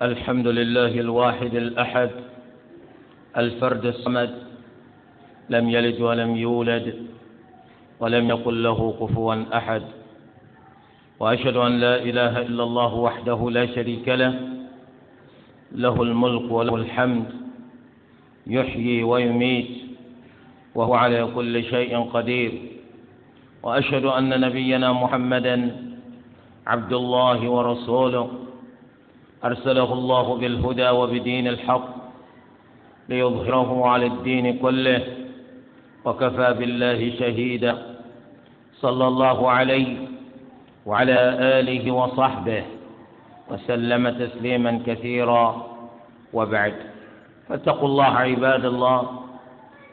الحمد لله الواحد الأحد الفرد الصمد لم يلد ولم يولد ولم يقل له كفوا أحد وأشهد أن لا إله إلا الله وحده لا شريك له له الملك وله الحمد يحيي ويميت وهو على كل شيء قدير وأشهد أن نبينا محمدا عبد الله ورسوله أرسله الله بالهدى وبدين الحق ليظهره على الدين كله وكفى بالله شهيدا صلى الله عليه وعلى آله وصحبه وسلم تسليما كثيرا وبعد فاتقوا الله عباد الله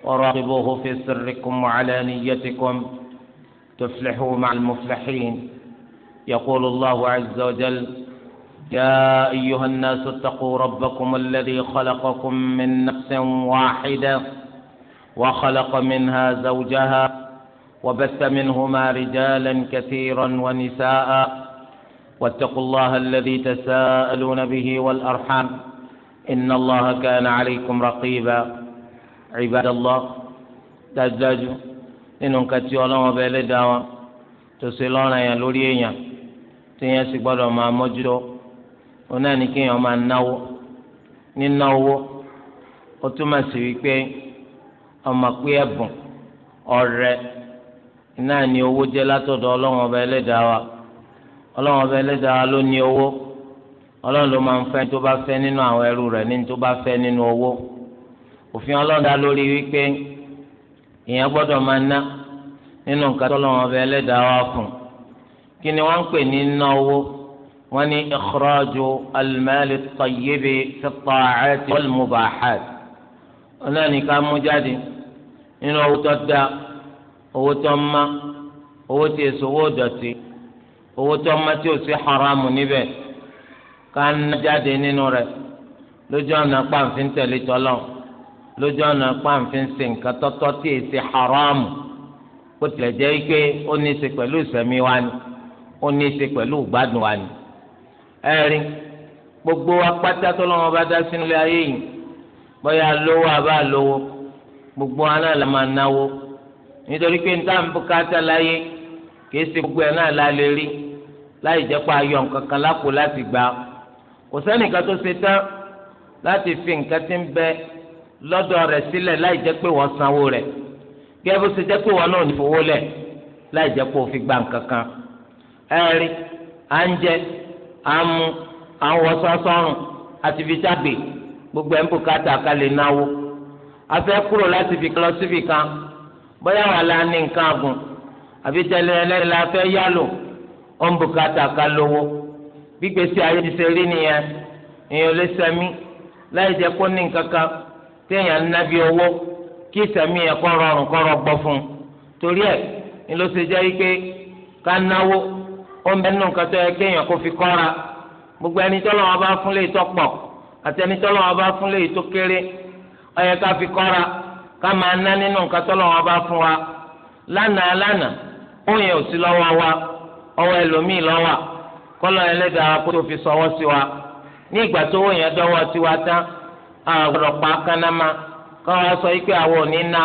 وراقبوه في سركم وعلانيتكم تفلحوا مع المفلحين يقول الله عز وجل يا ايها الناس اتقوا ربكم الذي خلقكم من نفس واحده وخلق منها زوجها وبث منهما رجالا كثيرا ونساء واتقوا الله الذي تساءلون به والارحام ان الله كان عليكم رقيبا عباد الله دجاج nínú nǹkan tí ọlọ́wọ́n bẹ́ẹ̀ lé dáwọn tó ṣe مجدو N'i náà ní kéèyàn ma náwó nínáwó ó túmọ̀ sí wípé ọmọ pé ẹ̀bùn ọrẹ náà ní owó jẹ́ látọ̀dọ̀ ọlọ́run ọba ẹlẹ́dàá wa ọlọ́run ọba ẹlẹ́dàá wa ló ní owó ọlọ́run ló máa ń fẹ́ tó bá fẹ́ nínú àwọn ẹrú rẹ̀ ní tó bá fẹ́ nínú owó òfin ọlọ́run dá lórí wípé èèyàn gbọ́dọ̀ máa ná nínú nǹkan tó lọ́wọ́ ọba ẹlẹ́dàá wa fún kí ni wọ́n ń pè ní wọ́n ní ìkọ́rọ́jù alimẹ́lì tọ́yébé tọ́tàáàtì wọ́lmùbáhàt ọ̀nà ní ká mú jáde nínú owó tó da owó tó má owó tí èso owó dọ̀tí owó tó má tí ò sí haramu níbẹ̀ ká ná jáde nínú rẹ̀ lójú ọ̀nà pàǹfin tẹ̀lé tọ́lọ̀ lójú ọ̀nà pàǹfin sí nǹkan tọ́tọ́ tí èsì haramu bó tilẹ̀ jẹ́ pé ó ní í ṣe pẹ̀lú ìsẹ̀mí wa ni ó ní í ṣe pẹ̀lú ìgbádùn wa ni. Eri, gbogbo akpata tó lọ́wọ́ bá dá sínú ilé ayé yìí bóyá lówó àbá lówó gbogbo aná là máa náwó nítorí pé níta ń láyé kìí ṣe gbogbo ẹ̀ náà lálẹ́ rí láì jẹ́ pé ayọ̀ nǹkan kan lápò láti gbà kò sẹ́nìkan tó ṣe tán láti fi nǹkan tí ń bẹ lọ́dọ̀ rẹ̀ sílẹ̀ láì jẹ́ pé wọ́n sanwó rẹ̀ ṣe jẹ́ pé àmú àwọn sọ́sọ́rùn àti fi jágbe gbogbo ẹ̀ ń bò káta ká lè lati afẹ́ kúrò láti fi kan bóyá wà lá ní nǹkan àgùn àbí tẹ́lẹ̀ ẹlẹ́rìí la fẹ́ yálò ó ń bò káta gbígbèsè ayé ti ṣe nìyẹn èèyàn lè kó ní nǹkan kan téèyàn nábi owó kí ó ń bẹ nínú nǹkan tó yẹ kéèyàn kó fi kọ́ra gbogbo ẹni tọ́lọ́ wọn bá fún léyìí tó pọ̀ àti ẹni tọ́lọ́ wọn bá fún léyìí tó kéré ó ká fi kọ́ra ká máa ná nínú nǹkan tọ́lọ́ wọn bá fún wa lánàá lánàá lọ́wọ́ wa ọwọ́ ẹlòmíì lọ́wọ́ kọ́lọ́ ẹlẹ́dàá sọ yìí pé àwọn ò ní ná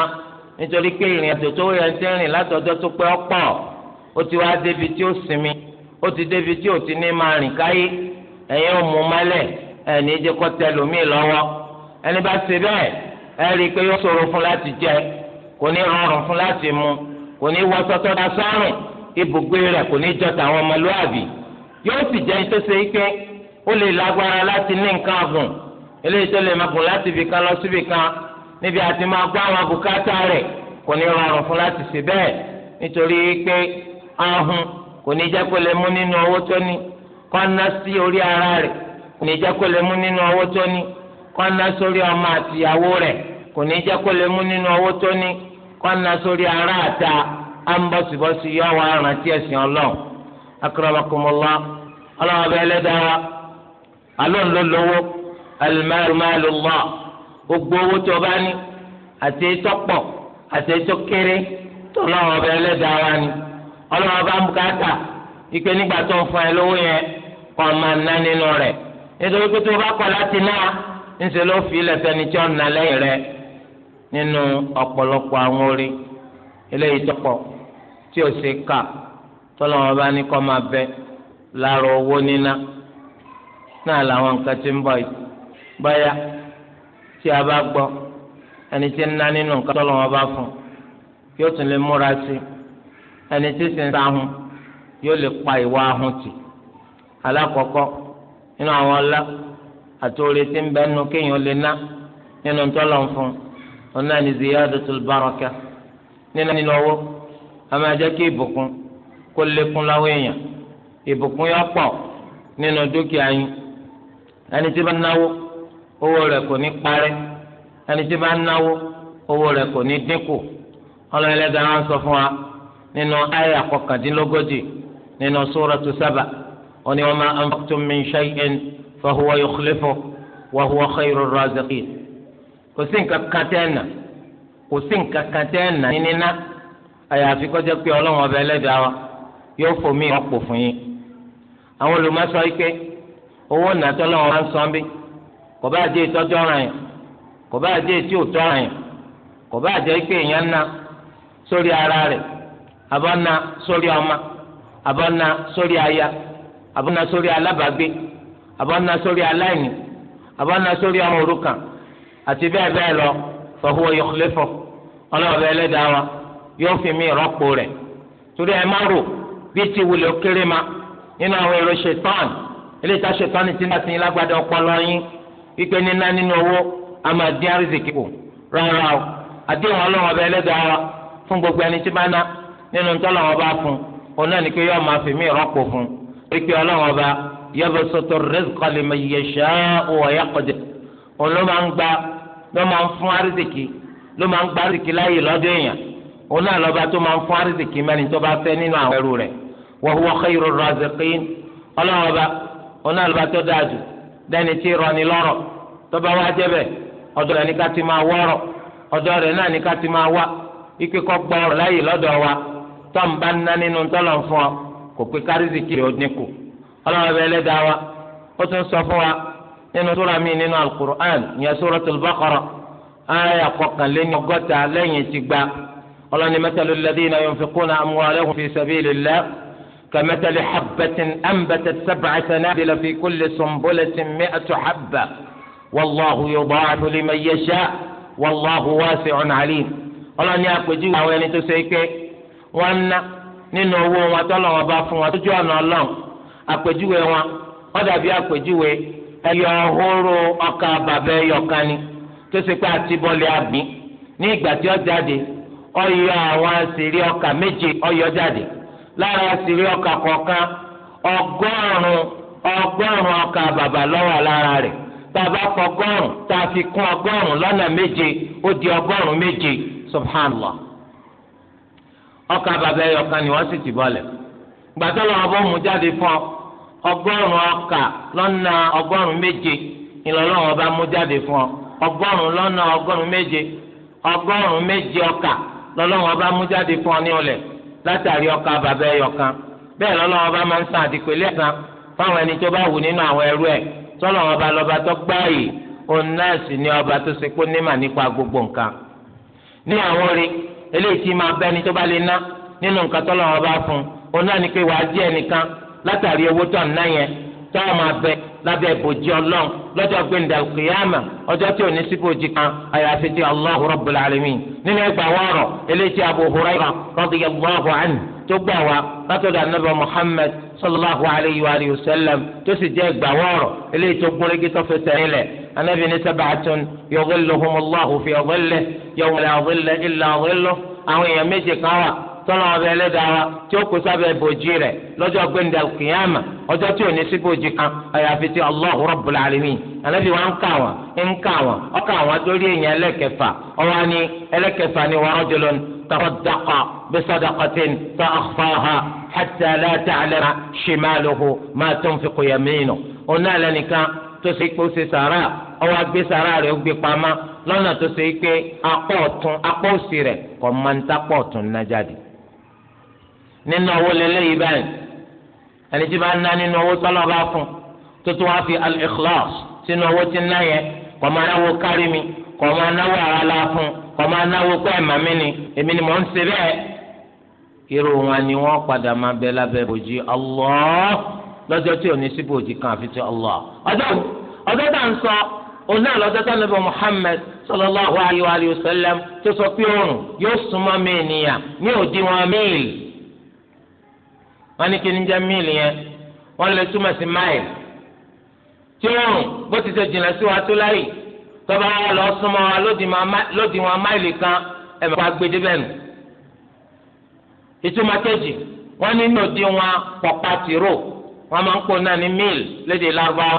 nítorí pé ìrìn àjò tó yẹ tó pẹ́ ó ti wá ó ti débi tí ò ti ní máa rìn káyé ẹ̀yin ò mú kó tẹ ẹni bá ṣe bẹ́ẹ̀ ẹ rí i pé jẹ kò ní rọrùn fún mu kò ní wọ sọ́tọ̀ dá sọ́rùn ibùgbé rẹ̀ kò ní jọ tàwọn ọmọlúwàbí yóò sì ṣe ó lè lágbára láti ní nǹkan eléyìí tó lè máa láti ibì kan lọ síbì kan níbi àti máa àwọn kò ní jẹ́ kó lè mú nínú owó tó ní kọ́nà sí orí ara rẹ̀ kò ní jẹ́ kó lè mú nínú owó tó ní kọ́nà sórí ọmọ àtìyàwó rẹ̀ kò ní jẹ́ kó lè mú nínú owó tó ní kọ́nà sórí ara àta ambọ̀sibọ́sì yọ wọ arántí ẹ̀sìn ọlọ́run akramakumullah ọlọ́run ọbẹ̀ ẹlẹ́dàá alóńlólówó alimẹ́rùmẹ́rùmọ́ gbogbo owó tó bá ní àti ètò pọ̀ àti ètò kéré tó ọbẹ̀ ẹlẹ́dàá wa ni ọlọ́wọ́ bá ń bùkátà ìpè nígbà tó ń fún ẹ lówó yẹn kọ́ ọ máa ná nínú rẹ̀ nítorí pé tó o bá kọ̀ láti ná ńṣe ló fi ilẹ̀ sẹ́ni tí ó ń ná lẹ́yìn rẹ̀ nínú ọ̀pọ̀lọpọ̀ àwọn orí eléyìí tọ́pọ̀ tí o ṣe kà tọ́lọ́wọ́ bá ní kọ́ máa bẹ láàrọ̀ owó níná náà làwọn nǹkan ti ń bọ̀ báyà tí a bá gbọ́ ẹni tí ń ná nínú nǹkan tọ́lọ́wọ́ bá fún yóò tún lè múra sí i ẹni tí sì ń sáhùn yóò lè pa ìwà ahùn tì alákọ̀ọ́kọ́ nínú àwọn ọlá àti oore ń bẹ nínú kéèyàn lè ná nínú baraka nínú a máa jẹ́ kí ìbùkún kó lékún láwọ èèyàn ìbùkún yóò pọ̀ nínú dúkìá yín ẹni tí bá náwó owó rẹ̀ kò ní parẹ́ ẹni tí bá náwó owó rẹ̀ kò ní dínkù ọlọ́ọ̀lẹ́dàá sọ nínú àyà kọkàndínlógójì nínú suratu Saba ó ní wa ma anfaqtum min shay'in fa huwa yukhlifuhu wa huwa khayrur raziqin kò sí nǹkan kan tẹ́ ẹ̀ nà kò sí nǹkan kan tẹ́ ẹ̀ nà níná àyàfi kọjá pé ọlọ́run ọba ẹlẹ́dàá wa yóò fomi ọ̀pọ̀ fún yín àwọn olùmọ̀sọ ike owó nàtọ́ lọ́wọ́ máa ń san bí kò bá jẹ́ ìtọ́jú ọ̀ràn yẹn kò bá jẹ́ ìtí òtọ́ ọ̀ràn yẹn kò bá jẹ́ pé èèyàn ná sórí ara rẹ̀ abọ́nà sori ọmọ abọ́nà sori aya abọ́nà sori alabagbe abọ́nà sori alaini abọ́nà sori ọmọ òrukàn àti bẹ́ẹ̀ bẹ́ẹ̀ lọ fahuwa yukhlifu ọlọ́ọ̀bẹ ẹlẹ́dàá wa yóò fi mí rọ́pò rẹ̀ torí ẹ má rò bí ti wulẹ̀ kéré ma nínú àwọn èrò ṣetán ilé ìta ṣetán ti ní àtìyìn lágbàdo ọpọlọ yín wípé níná nínú owó rárá o àdéhùn wa gbogbo ẹni tí bá nínú tọ́lọ̀ wọn bá fún un náà ní pé yóò máa fèmí ìrọ́pò fún un pé ọlọ́wọ́n ọba yabsutu rizqa liman yasha'u wa yaqdir òun ló máa ń gba ló máa ń fún arísìkì ló máa ń gba arísìkì láàyè lọ́dọ̀ èèyàn òun náà lọ́ba tó máa ń fún arísìkì mẹ́ni tó bá fẹ́ nínú àwọn ẹrú rẹ̀ wa huwa khayrur raziqin ọlọ́wọ́n ọba òun náà lọ́ba tó tọ́m bá ná nínú tọ́lọ̀ fún ọ kò pé kárísìkì rẹ̀ ó dínkù ọlọ́run bẹ́ẹ̀ lẹ́dàá wa ó tún sọ fún wa nínú sura mi nínú alukur'an ìyẹn suratul baqara aya kọkànléní ọgọ́ta lẹ́yìn ti gba ọlọ́ni mẹ́tàlú lẹ́dínà yunfiquna amwalahum fi sabilillah كمثل حبة أنبتت سبع سنابل في كل سنبلة مئة حبة والله يضاعف لمن يشاء والله واسع عليم ọlọ́ni àpèjúwe àwọn ẹni tó ṣe é pé wọ́n ná nínú owó wọn tọ́lọ̀ wọn bá fún wọn tójú ọ̀nà ọlọ́run àpèjúwe wọn wọ́n dàbí àpèjúwe ẹyọ ọhúrú ọkà bàbá ẹyọ ni tó ṣe pé àti bọ́ọ̀lì ní ìgbà tí ó jáde ó àwọn àṣírí ọkà méje ó jáde lára àṣírí ọkà kọ̀ọ̀kan ọgọ́rùn-ún ọgọ́rùn-ún ọkà lọ́wọ́ lára rẹ̀ bàbá ọkà bàbá ẹyọkan ni wọ́n sì ti bọ́lẹ̀ gbàtọ́ lọ́wọ́ bó mu jáde fún ọ ọgọ́rùn-ún ọkà lọ́nà ọgọ́rùn-ún méje ìlọ́lọ́wọ́ bá mu jáde fún ọ ọgọ́rùn-ún lọ́nà ọgọ́rùn-ún méje ọgọ́rùn-ún méje ọkà lọ́lọ́wọ́ bá jáde fún ọ ní látàrí ọkà bàbá máa ọba tó nípa gbogbo eléyìí tí máa bẹ́ni tó bá lè ná nínú nǹkan tó lọ́wọ́ bá fún un òun náà ni pé wàá jẹ́ ẹnìkan látàrí owó tó ń ná yẹn tó wọ́n máa bẹ lábẹ́ ìbòjì ọlọ́run lọ́jọ́ gbẹ̀ndà kìyàmà ọjọ́ tí ò ní sí bòjì kan àyàfi ti Allahu Rabbul Alamin nínú ẹgbà wọ́ọ̀rọ̀ eléyìí tí Abu Hurairah radiyallahu anhu tó sallallahu alayhi wa sallam tó sì jẹ́ gbàwọ́rọ̀ eléyìí tó gúnrégé tó fẹsẹ̀ nílẹ̀ anabi ní sab'atun yudhilluhumullahu fi dhillihi yawma la dhilla illa dhilluh àwọn èèyàn méje kan wà tọ́lọ́ ọbẹ̀ ẹlẹ́dàá wa tí ó kó sábẹ́ bòjì rẹ̀ lọ́jọ́ gbẹ̀ndẹ̀ kìyàmà ọjọ́ tí ò ní sí bòjì kan àyàfi ti Allahu Rabbul Alamin ànábì wa ń kà wọ́n ń kà wọ́n ọkà wọ́n dórí èèyàn ẹlẹ́kẹfà ọwọ́ ni ẹlẹ́kẹfà ni wa rajulun tasaddaqa bi sadaqatin fa akhfaha حتى لا تعلم شماله ما tunfiqu yaminuhu ọ̀nà àlẹ́nìkan tó ṣe pé ó ṣe sàrà ọwọ́ agbé sàrà rẹ̀ ó gbé pamọ́ lọ́nà tó ṣe pé apá ọ̀tún apá òsì rẹ̀ kọ́ máa ń tapọ̀ ọ̀tún ná jáde. nínú owó lélẹ́yìí báyìí ẹni tí bá ń ná nínú owó tọ́lọ́ bá fún fi al-ikhlas sínú owó tí ń ná yẹn kọ́ máa náwó mi kọ́ máa náwó àrà la fún kọ́ máa náwó pẹ́ẹ́mà mi ni èmi ni mò ń ṣe bẹ́ẹ̀ irú wọn ni wọn padà máa bẹ lábẹ́ bòjì Allah lọ́jọ́ tí ò sí bòjì kan àfi ti Allah ọjọ́ ọjọ́ tá à ń sọ òun náà sallallahu alayhi wa sallam tó sọ pé oòrùn yóò súnmọ́ mẹ́ẹ̀nìyàn ní míìlì ní kí ni jẹ́ míìlì yẹn wọ́n lè túmọ̀ sí máìlì tí oòrùn bó ti ṣe jìnnà sí wa tó tọ́ba lọ wa máìlì kan ẹ̀ ìtumọ̀ kejì wọ́n ní nòdì wọn pọ̀pá tìró wọ́n máa ń kó náà ní míl lédè lárúbáwá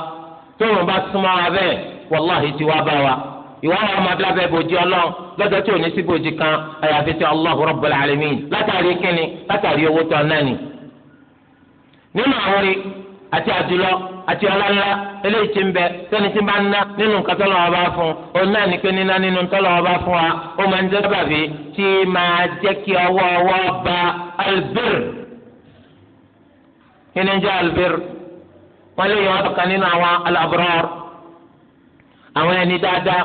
tóun bá súnmọ́ wa bẹ́ẹ̀ wàláhì tí wàá bá wa ìwà àwọn ọmọdé abẹ́ bòjì ọlọ́run lọ́jọ́ tí ò ní sí bòjì kan àyàfi ti Allahu Rabbul Alamin látàrí kínni látàrí owó tán náà ni. nínú àwọn orí àti àdúlọ́ àti ọlọ́lá eléyìí ti ń bẹ sẹ́ni tí bá ń ná nínú nǹkan tọ́lọ́ wọn bá fún un òun náà ní pé níná nínú tọ́lọ́ wọn bá fún wa ó máa ń jẹ́ sábàbí tí máa jẹ́ kí ọwọ́ ọwọ́ ba albir kí ni jẹ́ albir wọ́n lè yọ ọ̀kan nínú àwọn al àwọn ẹni dáadáa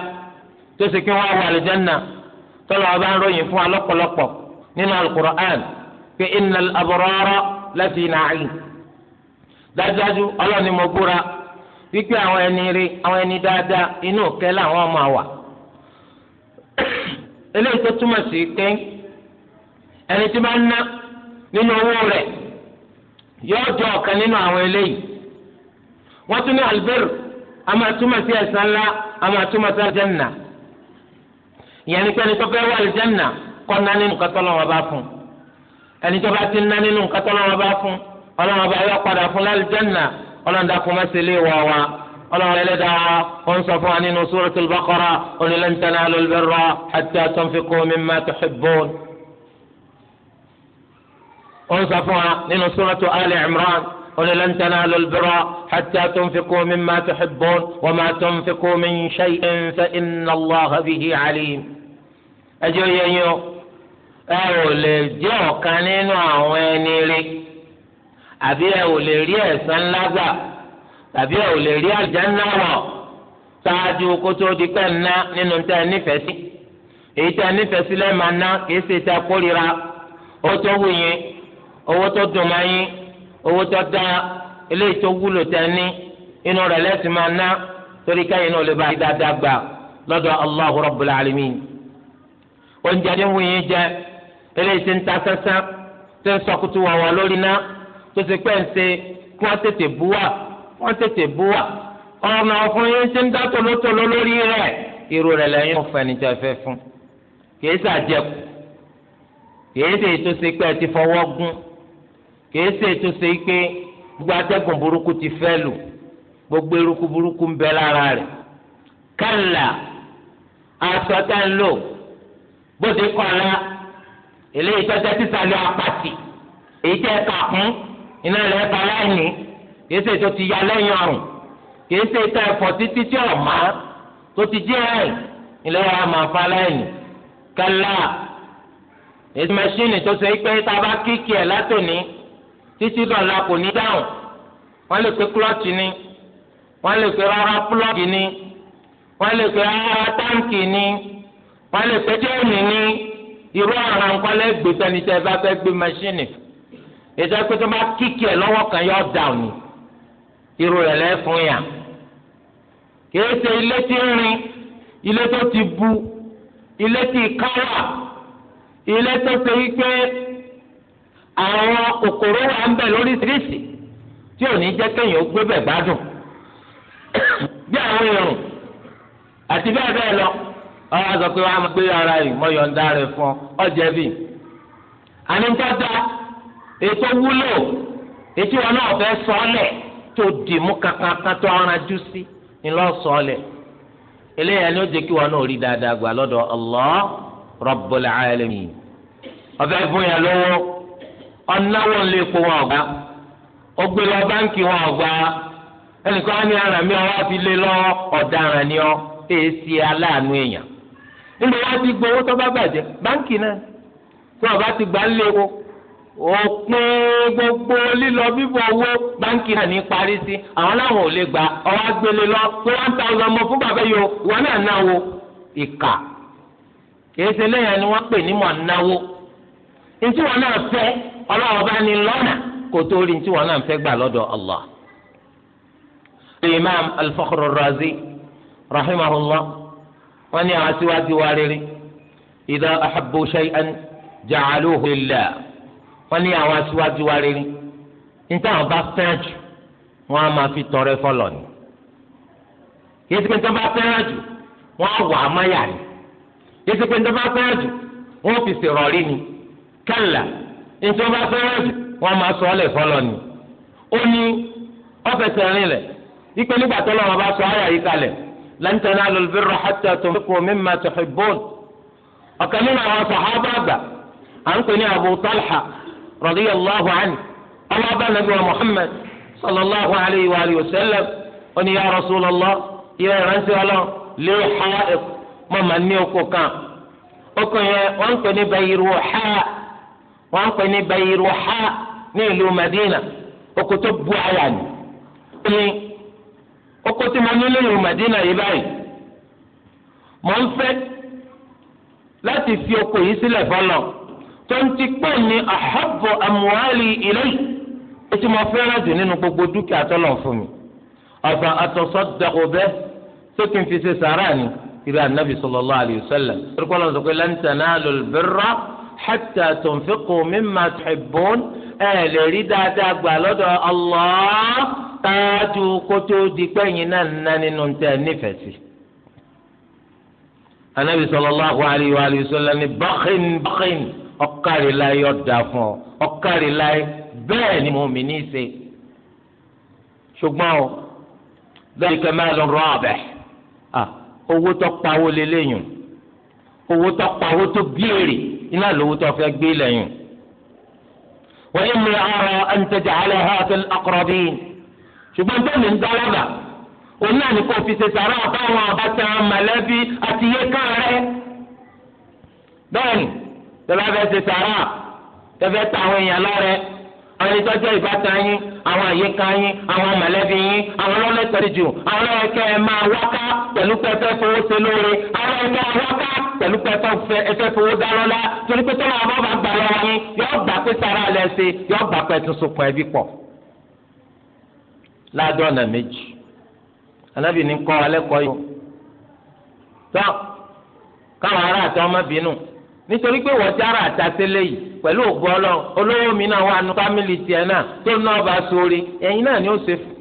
tó sì kí wọ́n wọ àlùjánnà tọ́lọ́ wọn ń ròyìn fún wa lọ́pọ̀lọpọ̀ nínú al pé innal abrara lafi na'im dájúdájú ọlọ́run ni mo búra wípé àwọn ẹni rí àwọn ẹni dáadáa inú òkè làwọn ọmọ àwà eléyìí tó túmọ̀ sí pé ẹni tí bá ń ná nínú owó rẹ̀ yóò jọ ọ̀kan nínú àwọn eléyìí wọ́n tún ní albẹ́rù a túmọ̀ sí ẹ̀san ńlá a túmọ̀ sí àlùjánnà ìyẹn ní pé ẹni tó fẹ́ wà àlùjánnà kọ́ ná nínú nǹkan tọ́lọ́run bá fún ẹni tó bá ti ná nínú nǹkan tọ́lọ́run bá fún ọlọ́run ọba yọ padà fún lálùjẹ́nà ọlọ́run dàkú mẹ́sẹ̀lẹ̀ wọ̀ wá ọlọ́run ẹlẹ́dàá ó ń sọ fún wa nínú suratul Baqara ó ní lan tanalul birra hatta tunfiqu mimma tuhibbun ó ń sọ fún wa nínú suratu Ali Imran ó ní lan tanalul birra hatta tunfiqu mimma tuhibbun wa ma tunfiqu min shay'in fa inna Allaha bihi alim ẹjọ́ yẹn yọ ẹ ò lè jẹ́ ọ̀kan nínú àwọn ẹni rí. àbí ẹ ò lè rí ẹ̀san ńlá gbà tàbí ẹ ò lè rí wọ̀ ṣáájú di pẹ́ nínú tẹ́ ẹ nífẹ̀ẹ́ sí èyí tẹ́ ẹ nífẹ̀ẹ́ sí lẹ́ẹ̀ ná kìí ṣe tẹ́ kórìíra owó tó wù yín owó tó dùn máa yín owó tó dá eléyìí tó wúlò tẹ́ ní inú rẹ̀ lẹ́sìn máa ná torí káyìn náà lè bá dáadáa gbà lọ́dọ̀ oúnjẹ tó ṣe pẹ́ ń ṣe kí wọ́n tètè bú wà wọ́n tètè bú wà ọ̀nà ọ̀fun yín ti ń dá tolótoló lórí rẹ̀ irú rẹ̀ lẹ́yìn ọ̀fẹ́ ni tẹ́ fẹ́ fún kìí ṣàjẹkù kìí ṣe ètò ṣe pé ẹ ti fọwọ́ gún kìí ṣe ètò ṣe pé gbogbo atẹ́gùn burúkú ti fẹ́ lù gbogbo eruku burúkú ń bẹ lára rẹ̀ kálá aṣọ tá ń lò bó ti kọ́ la eléyìí tọ́jà sísàlẹ̀ apàtì èyí tẹ́ ká kún iná rẹ̀ bá láìní kìí ṣe tó ti ya lẹ́yìn ọrùn kìí ṣe tó ẹ̀fọ́ títí tí ò má tó ti jẹ́ ẹ̀yìn ilé wa máa fa láìní kálá èsì mẹ́ṣíìnì tó ṣe pé tá a bá kíkì ẹ̀ látòní títí dọ̀la kò ní dáhùn wọ́n lè pe klọ́ọ̀tì ni wọ́n lè pe rárá púlọ́ọ̀gì ni wọ́n lè pe rárá táǹkì ni wọ́n lè pe jẹ́ẹ̀nì ni irú ọ̀ràn kọ́lẹ́ gbé sẹ́ni bá fẹ́ gbé mẹ́ṣíìnì ètò ẹ pé tó bá kíkì ẹ lọ́wọ́ kan yọ dàn ní irú rẹ̀ lẹ́fún yà kìí ṣe ilé tí ń rin ilé tó ti bu ilé tí káwà ilé tó ṣe wípé àwọn kòkòrò wà ń bẹ lóríṣiríṣi tí ò ní jẹ́ kéèyàn gbé bẹ̀ gbádùn bí àwọn irun àti bẹ́ẹ̀ bẹ́ẹ̀ lọ ọ̀rọ̀ sọ pé wọ́n á gbé ara yìí mọ́ yọ̀ǹda rẹ̀ fún ọ jẹ̀bi àníntọ́ dáa. ètò wúlò ètò wọn náà fẹ́ sọ́ọ̀lẹ̀ tó dìmú kankan tó aranjú sí ńlọ sọ́ọ̀lẹ̀ eléyà ni ó jẹ́ kí wọn náà rí dáadáa fún lè wọn ọ̀gá ọgbẹ́ lọ báńkì wọn ọ̀gá ẹnìkan ní ara mi fi lé lọ ni ọ èsì aláàánú èèyàn nígbà wọn ti gbowó wọn bá ti gbà ń òpin gbogbo lílọ bíbọ̀ owó báńkì náà ní parí sí àwọn làwọn ò lè gbà ọwọ́ agbélé lọ pé one thousand mọ fún bàbá yìí o ìwọ náà náwó ìkà kìí ṣe lẹ́yìn ni wọ́n pè ní mọ̀ náwó ntí wọn náà fẹ́ ọlọ́wọ́ bá ní lọ́nà kò tó rí ntí wọn náà fẹ́ gbà lọ́dọ̀ Allah. Imam al razi rahimahullah wọn ní àwọn aṣíwájú wa rere idha ahabbu shay'an ja'aluhu lillah wọ́n ní àwọn aṣíwájú wa rere níta àwọn bá fẹ́ràn jù wọ́n á máa fi tọrẹ fọlọ ni yéésì pé níta bá fẹ́ràn jù wọ́n á wà á máyà ni yéésì pé níta bá fẹ́ràn jù wọ́n ó fi ṣèrọ̀rí ni kẹ́là níta bá fẹ́ràn jù wọ́n á máa sọ ọ́lẹ̀ fọlọ ni ó ní ọ́fẹ̀sẹ̀ rinlẹ̀ ipe nígbà tó lọ́wọ́ bá sọ ayà yìí kalẹ̀ lan tanalu al-birra hatta tunfiqu mimma radiyallahu anhu ọlọ́ba nàbí wa muhammad sallallahu alayhi wa alihi wa sallam ó ní ya rasulallah yẹ ìrántí ọlọ́run lé ha mọ́ màá ní oko kan oko yẹn wọ́n ń pè ní bayruha wọ́n ń pè ní bayruha ní ìlú madina oko tó bu àyà ni ní oko tí mo ní ní ìlú madina yìí báyìí mo ń fẹ́ láti fi oko yìí sílẹ̀ fọlọ́ọ̀ tonti pé ní ahabbu amuwali ilay etí mo fẹ́ràn jù nínú gbogbo dúkìá tó lọ fún mi ọ̀sán atasaddaqu bih tó kí n fi ṣe sàrà ni ìrẹ́ anabi sallallahu alayhi wa sallam torí kọ́lọ́ sọ pé lan tanalul birra hatta tunfiqu mimma tuhibbun ẹ lè rí dáadáa gbà lọ́dọ̀ Allah táájú kótó di pẹ́yìn náà nná nínú tẹ̀ nífẹ̀ẹ́ anabi sallallahu alayhi wa sallam ni bákin bákin ọ̀kárí láyé ọ̀dà fún ọ ọ̀kárí láyé bẹ́ẹ̀ ni mo mì ní í ṣe. ṣùgbọ́n o lẹ́yìn kẹ́ máa lọ rọ ọ̀bẹ owó tó pawó lélẹ́yìn owó tó pawó tó béèrè iná lówó tó fẹ́ gbé lẹ́yìn. وإني أرى أن تجعلها في الأقربين ṣùgbọ́n tó ní ń dá lọ́dà òun náà ní kò fi ṣe sàrà àbáwọn àbátan mọ̀lẹ́bí àti yékà rẹ̀ bẹ́ẹ̀ ni tẹ́lá fẹ́ ṣe sàrà tẹ́fẹ́ ta àwọn èèyàn lọ́rẹ àwọn ẹni tọ́jú ìbátan yín àwọn àyíká yín àwọn mọ̀lẹ́bí yín àwọn ọlọ́lẹ́tẹ̀rẹ̀ jù àwọn ẹ̀kẹ́ ẹ̀ máa wáká pẹ̀lú pẹ́fẹ́ fowó ṣe lóore àwọn ẹ̀kẹ́ wáká pẹ̀lú pẹ́fẹ́ ẹ̀fẹ́ fowó dá lọ́lá torí pé tọ́lá àwọn bá gbà lọ́wọ́ yín yóò gbà pé sàrà lẹ́ ṣe yóò gbà pé tún sopọ̀ ẹbí pọ̀. ládọ́nà méjì anábìíní kọ́ alẹ́kọ̀ọ́ yìí tán káwọn ará àti ọmọbìnrin nítorí pé wọ́n jára àtàtẹ́lẹ̀ yìí pẹ̀lú ògbọ́lọ́ olówó mi náà wà nù fámìlì tiẹ̀ náà tó eyin bá sórí ẹ̀yin náà ni ó ṣe fún.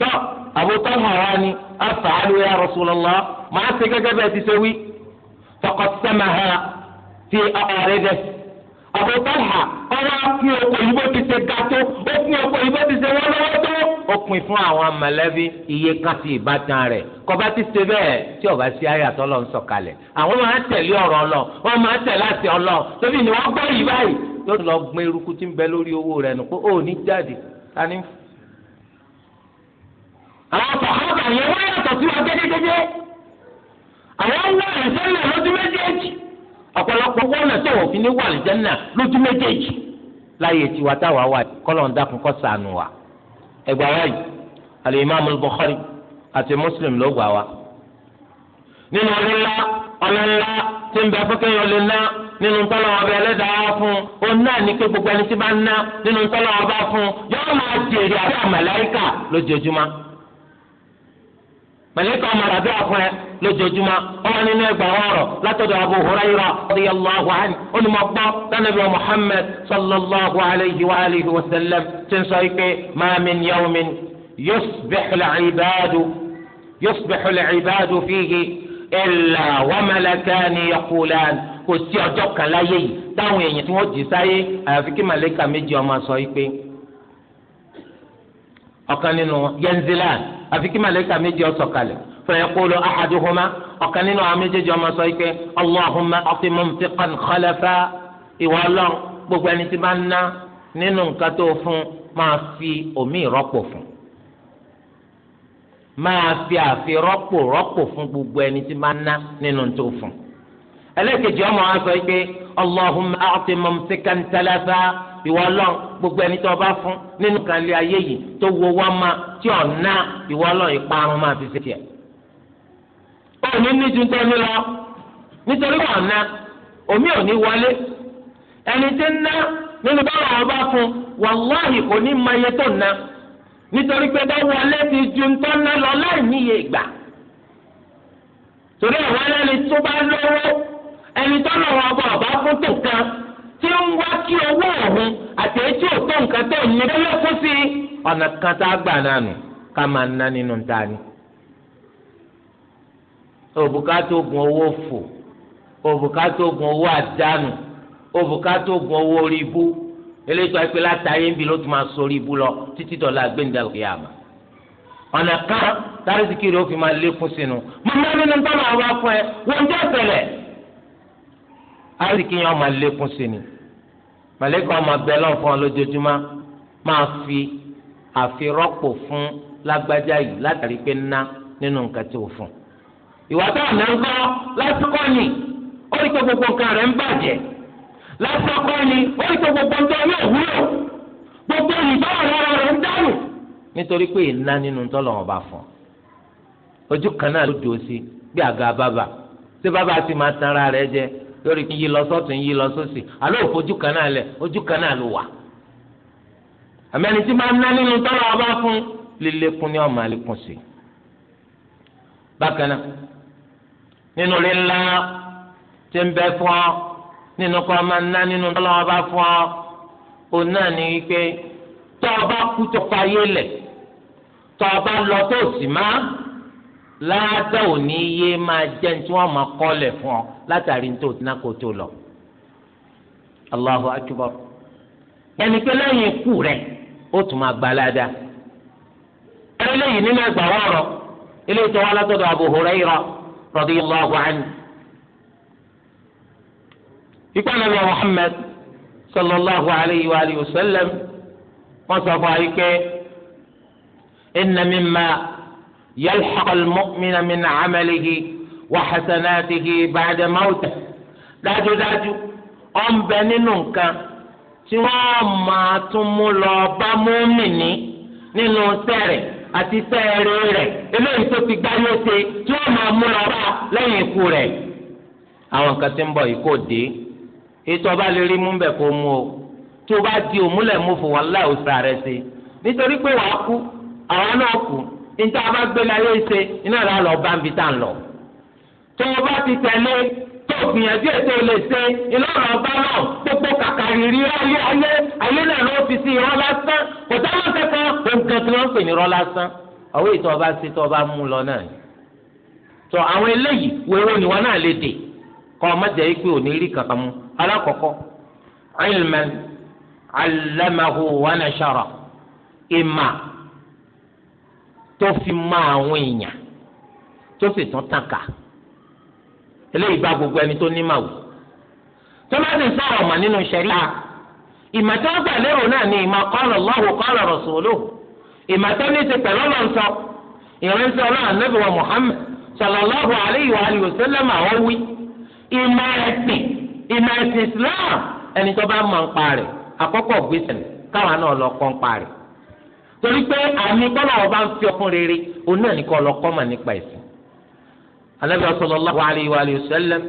tọ́ àbótọ́ hàrá ni af'alu ma Rasulullah màá ṣe gẹ́gẹ́ bẹ́ẹ̀ ti ṣe wí faqad samaha fi àbọ̀tá hà ọwọ́ fún oko ìbò ti ṣe ga tó ó fún oko ti ṣe wọ́n lọ́wọ́ tó. ó pin fún àwọn mọ̀lẹ́bí iye kan sí ìbátan rẹ̀ kọba ti ṣe bẹ́ẹ̀ tí ọba sí ayàtọ̀ lọ ń sọ̀kalẹ̀ àwọn máa ń tẹ̀lé ọ̀rọ̀ lọ wọ́n máa ń ọlọ tóbi ni wọ́n gbọ́ yìí báyìí yóò lọ gbin eruku tí ń bẹ lórí owó nù pé ó ní jáde tí wọn fi ní wà lìjánà lójú méjèèjì láyé tiwa táwa wà kọlọ́n dákun kọ́ sànù wa ẹgbà wáyé alimami Bukhari àti Muslim ló gbà wá. nínú ọlọ́lá ọlọ́lá tí ń bẹ fún kéèyàn lè ná nínú tọ́lọ̀ ọbẹ̀ ẹlẹ́dàá fún òun náà ní pé gbogbo ẹni tí bá ń ná nínú tọ́lọ̀ ọba fún yọ́ọ́ máa jèrè àti àmàlẹ́kà lójoojúmọ́ mẹlẹkọ ọmọdé àbí ọkùnrin lójoojúmọ́ ọmọ nínú ẹgbà ọ̀rọ̀ látọ̀dọ̀ Abu Hurayra radiyallahu anhu onímọgbọ lánàbí Muhammad sallallahu alayhi wa alihi wa sallam ti ń sọ pé ma min yawmin yusbihu al-ibadu yusbihu al-ibadu fihi illa wa malakani yaqulan kò sí ọjọ́ kan láyé táwọn èèyàn tí wọ́n jí sáyé àyàfi kí mẹlẹkà méjì ọmọ sọ pé ọ̀kan nínú yẹnzilan àfi kí màlẹ́kà méjì ó sọ̀kalẹ̀ fayaqulu ahaduhuma ọ̀kan nínú àwọn méjèèjì ọmọ sọ pé allahumma ati mumtiqan khalafa ìwà ọlọ́run gbogbo ẹni tí bá ń ná nínú nǹkan tó fún máa fi omi rọ́pò fún máa fi àfi rọ́pò rọ́pò fún gbogbo ẹni tí bá ná nínú tó fún ẹlẹ́kejì ọmọ wa sọ pé allahumma ati mumtiqan talafa. ìwọ ọlọ́run gbogbo ẹni tó fún nínú kan lé ayé yìí tó wo wá ma tí ò ná ìwọ ìparun máa fi ṣe tiẹ̀. ó ní ju nítorí wà ná omi ò ní wọlé ẹni tí ọba fún wàláhì kò ní tó ná nítorí pé bá wọlé ti ju ná lọ láì níye ìgbà ọba ọba fún tó tí ń wá kí owó òun àti etí òtó nǹkan tó ní lọ́lọ́kún sí ọ̀nà kan tá a gbà náà nù ká máa ná nínú ta ni. òbúkátó gun owó fò òbúkátó gun owó àdánù òbúkátó gun owó orí eléyìí tó a pé látàáyé ń bi ló ti máa sórí ibú lọ títí dọ̀la gbẹ̀ǹdà òkè àmà ọ̀nà kan tárísìkì rẹ̀ ó fi máa lékún sínú mọ̀mọ́ nínú tọ́lọ̀ àwọn akọ ẹ̀ wọ́n jẹ́ ọ̀sẹ̀ àríkì yẹn ọmọ alẹ́kùn sí ni màlẹ́kùn ọmọ abẹ́ lọ́nfọ́n lójoojúmọ́ máa fi àfirọ́pò fún lágbájá yìí látàrí pé ńná nínú nǹkan tí ò fún. ìwà táwọn náà ń gbọ́ lásìkò ni ó rí pé gbogbo nǹkan rẹ̀ ń bàjẹ́ lásìkò ni ó rí pé gbogbo nǹkan yóò wúlò gbogbo ìbáwọ̀ lára rẹ̀ ń dánù. nítorí pé ìná nínú tọ́lọ̀ wọn fún ojú kan náà ló dùn ó sí bí àga bábà ṣé bábà ti máa tan ara rẹ̀ jẹ lórí kí yí lọ sọ́tún yí lọ sósì àlọ́ òfojú kan náà lẹ̀ ojú kan náà ló wà. àmẹ́ni tí máa ń ná nínú tọ́lá ọba fún lílékún ní ọmọ àlékún sí. bákan náà nínú rí ńlá tí ń bẹ fún ọ nínú kọ́ máa ń ná nínú tọ́lá ọba fún ọ òun náà ní wípé tọ́ ọba kú tó pa ayé lẹ̀ tọ́ ọba lọ tó sì máa láàdá ò ní yé máa jẹ́ ní tí wọ́n máa kọ́lẹ̀ fún ọ látàrí ní tó ná kó tó lọ. Allahu akbar. ẹni pé lẹ́yìn ikú rẹ̀ ó tún máa gba láàdá. eléyìí nínú ẹgbà wọ́ọ̀rọ̀ eléyìí tó wá látọ̀dọ̀ Abu Hurayra radiyallahu anhu. ikú ànábì Muhammad sallallahu alayhi wa sallam wọ́n sọ fún ayíkẹ́ inna mimma. يلحق المؤمن من عمله وحسناته بعد موته dájú dájú ó ń bẹ nínú nǹkan tí wọ́n máa tún mú lọ bá mùmínì nínú sẹ́rẹ̀ àti sẹ́ẹ̀rẹ̀ rẹ̀ eléyìí tó ti gbá yóò ṣe tí wọ́n máa mú lọ bá lẹ́yìn ikú rẹ̀. àwọn nǹkan tí ń bọ̀ yìí kò dé ètò ọba lè rí mú bẹ̀ kó mú o tó bá di òmúlẹ̀ mú fún wọn láì ó sàrẹ̀ sí i nítorí pé wàá kú àwọn náà kú níta bá gbé láyé ṣe iná là lọ bá ń bi tá ń lọ tó o bá ti tẹ̀lé tó o gbìyànjú ètò lè ṣe iná lọ bá lọ gbogbo kàkà rírí ayé ayé ayé náà ló fi sí irọ́ lásán kò sáwọn kẹkọọ nǹkan tí wọ́n pè ní irọ́ lásán ọ̀wé ìtọ́ ọba ṣe tó ọba mú lọ náà tó àwọn eléyìí wẹ́rọ ni wọn náà lè dè kọ́ ọ má jẹ́ pé òní rí kankan mú alákọ̀ọ́kọ́ ilman tó fi mọ àwọn èèyàn tó sì tún tàn ká eléyìí bá gbogbo ẹni tó ní màwù tó bá sì sọ̀rọ̀ mọ̀ nínú ṣẹ̀ríà ìmọ̀tẹ́wọ́gbà lérò náà ni ìmọ̀ qala Allahu qala rasuluhu ìmọ̀tẹ́ ní ti pẹ̀lú ọlọ́nsọ ìrẹsì ọlọ́run Ànábì wa Muhammad sallallahu alayhi wa alihi wa sallam àwọn wí ìmọ̀ ẹ̀sìn ìmọ̀ ẹ̀sìn Islam ẹni tó bá mọ̀ ń pa rẹ̀ àkọ́kọ́ gbèsè káwọn náà lọ kọ́ ń pa torí pé àmì kọ́lọ̀ ọba ń fi ọkùn rere òun náà ní kọ́lọ̀ kọ́mà nípa ẹ̀sìn. anabi sallallahu alayhi wa sallam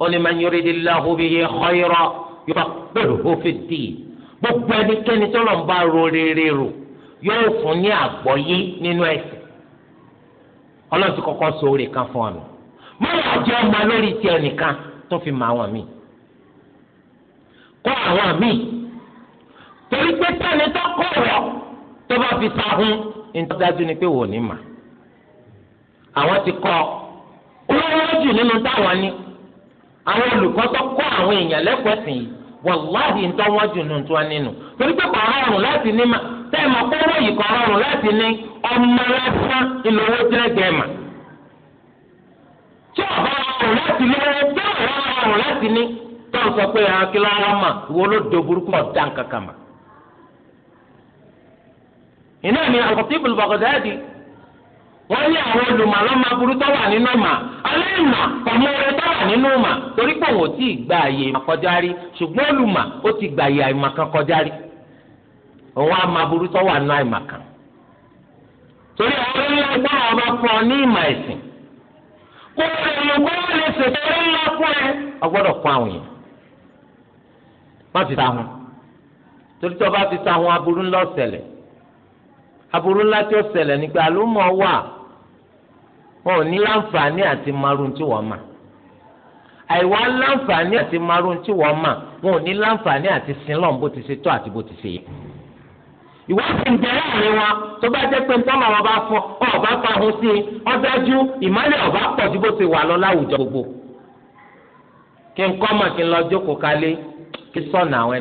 ó ní man yuridillahu bihi khayran yufaqqihhu fid-din gbogbo ẹnikẹ́ni tọ́lọ̀ ń bá ro rere rò yóò fún ní àgbọ́yé nínú ẹ̀sìn. ọlọ́run ti kọ́kọ́ so oore kan fún ọ̀nà mọ́wàá jẹ́ ọmọ lórí tiẹ̀ nìkan tó fi mọ àwọn míì torí pé tẹ́ni kọ̀ ọ̀rọ̀ tó bá fi sáhún nítọ́jú ni pé wò ní ma àwọn ti kọ olówó jù nínú táwọn ni àwọn olùkọ́ tó kọ́ àwọn èèyàn lẹ́kọ̀ọ́ sìn yìí wàláhì ń tọ́wọ́ jù tó wá nínú torí pé láti ní tẹ́ yìí láti ní ọmọ ìlówó iná ni al-Khatib al-Baghdadi wọ́n ní àwọn olùmọ̀lọ́mọ burú tó wà nínú mà aláìmọ̀ ọmọ rẹ tó wà nínú mà torí pé òun ò tí ì gba àyè àkọjá rí ṣùgbọ́n olùmọ̀ ó ti gba àyè àìmọ̀ kan kọjá rí òun á máa burú tó wà nínú àìmọ̀ kan torí àwọn olóyún ẹgbẹ́ àwọn ọba fún ọ ní ìmọ̀ ẹ̀sìn kó olùkọ́ lè ṣètò ńlá fún ẹ ọgbọ́dọ̀ aburú ńlá tí ó ṣẹlẹ̀ ní pé wà wọn ò ní láǹfààní àti marun tí wọ́n mà àìwá láǹfààní àti marun tí wọ́n mà wọn ò ní láǹfààní àti sinlọ́n bó ti ṣe tó àti bó ti ṣe yẹ. ìwà ń bẹ̀rẹ̀ àárín wa tó bá fahun sí i ọdájú ìmọ̀lẹ̀ ọba pọ̀ sí bó ti wà lọ láwùjọ gbogbo. kí n kọ́ mọ̀ kí n lọ jókòó kalẹ̀ kí sọ̀nà àwọn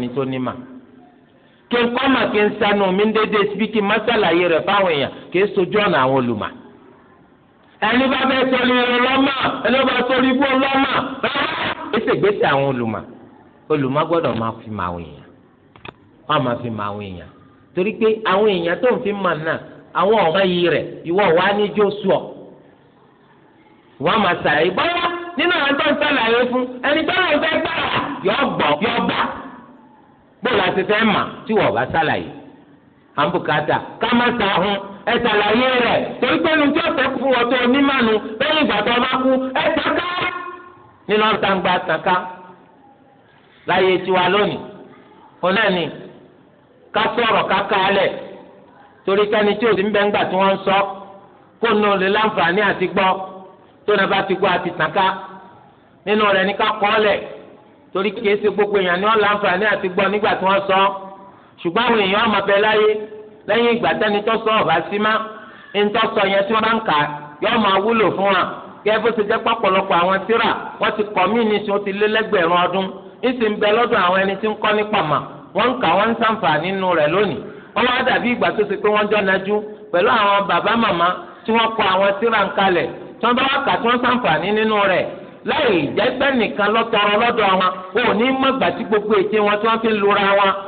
kí n kọ́ mà kí n sanu mi ń dédé síbíkì má sàlàyé rẹ̀ fáwọn èèyàn kì í sojú ọ̀nà àwọn olùmọ̀. ẹni bá fẹ́ sọ̀rọ̀ ìrìn lọ́mà ẹni bá sọ̀rọ̀ ibú lọ́mà rárá èsì gbèsè àwọn olùmọ̀ olùmọ̀ gbọ́dọ̀ máa fi mà àwọn èèyàn wọ́n máa fi mà àwọn èèyàn torí pé àwọn èèyàn tó ń fi mà náà àwọn ọ̀gá yìí rẹ̀ ìwọ wà ní jósùọ wọ́n máa sàlàyé bọ́lá nínú àwọn tó ń sàlàyé fún ẹni tó ń fẹ́ gbà yọ bóòlù àti fẹ́ mà tí wọ́n bá ṣàlàyé àǹbùkátà ká má ta ẹ rẹ̀ torí pé ní tí ọ̀sẹ̀ fún wọn onímọ̀nù lẹ́yìn ìgbà tó bá kú ẹ tàká nínú ọ̀tá ń gba tàká láyé tiwa lónìí òun náà ni ká sọ̀rọ̀ ká sọ kó nù lè láǹfààní àti gbọ́ tó náà bá ti gbọ́ àti tàká ní ká kọ́ lẹ̀ torí kìí ṣe gbogbo èèyàn ni wọn láǹfààní àti gbọ́ nígbà tí wọn sọ ṣùgbọ́n àwọn èèyàn ọmọ bẹ láyé lẹ́yìn ìgbà tẹni tó sọ ọba sí má ń tó sọ yẹn tí wọn bá ń kà yóò máa wúlò fún wa gẹ́gẹ́ bó ṣe jẹ́ pọ̀pọ̀lọpọ̀ àwọn tíra wọ́n ti kọ́ mí níṣẹ́ ó ti lé lẹ́gbẹ̀rún ọdún ń sì ń bẹ lọ́dọ̀ àwọn ẹni tí ń kọ́ nípa mà wọ́n ń kà wọ́n ń sàǹfààní nínú rẹ̀ lónìí wọ́n wá dàbí ìgbà tó láì jẹ́gbẹ́ nìkan lọ́tọ̀ọ̀rọ̀ lọ́dọ̀ wọn o ní mọ̀gbà tí gbogbo ète wọn tí wọ́n fi ń lura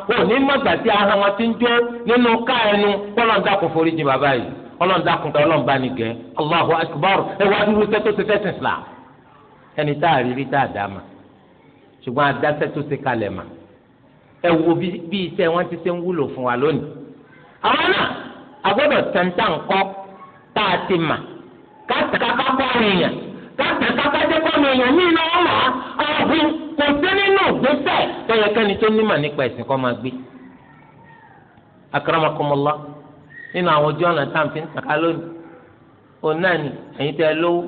wọn ò ní mọ̀gbà tí ara wọn ti ń jó nínú ká ẹnu kọ́lọ́ńdà kò forí jìn bàbá yìí kọ́lọ́ńdà kò tọ́lọ́ǹba nìgẹ́ Allahu akbar ẹ wá dúró sẹ́tò sí fẹ́sìn Islam ẹni tá a rí rí tá a dá ma ṣùgbọ́n a dá sẹ́tò sí kalẹ̀ ma ẹ wo bí iṣẹ́ wọn ti ṣe ń wúlò fún wa lónìí àwọn náà agbọ́dọ̀ tẹ̀ntà ńkọ́ tá a ti mà ká láti kápájẹ́ kọ́ mi èèyàn ní iná ọmọ ọ̀hún kò sí nínú gbèsè tọ́yẹ̀kẹ́ni tó nímọ̀ nípa ẹ̀sìn kọ́ máa gbé. akaramakomola nínú àwọn ojú ọ̀nà tá ń tàkà lónìí òun náà ni ẹ̀yin tẹ́ lówó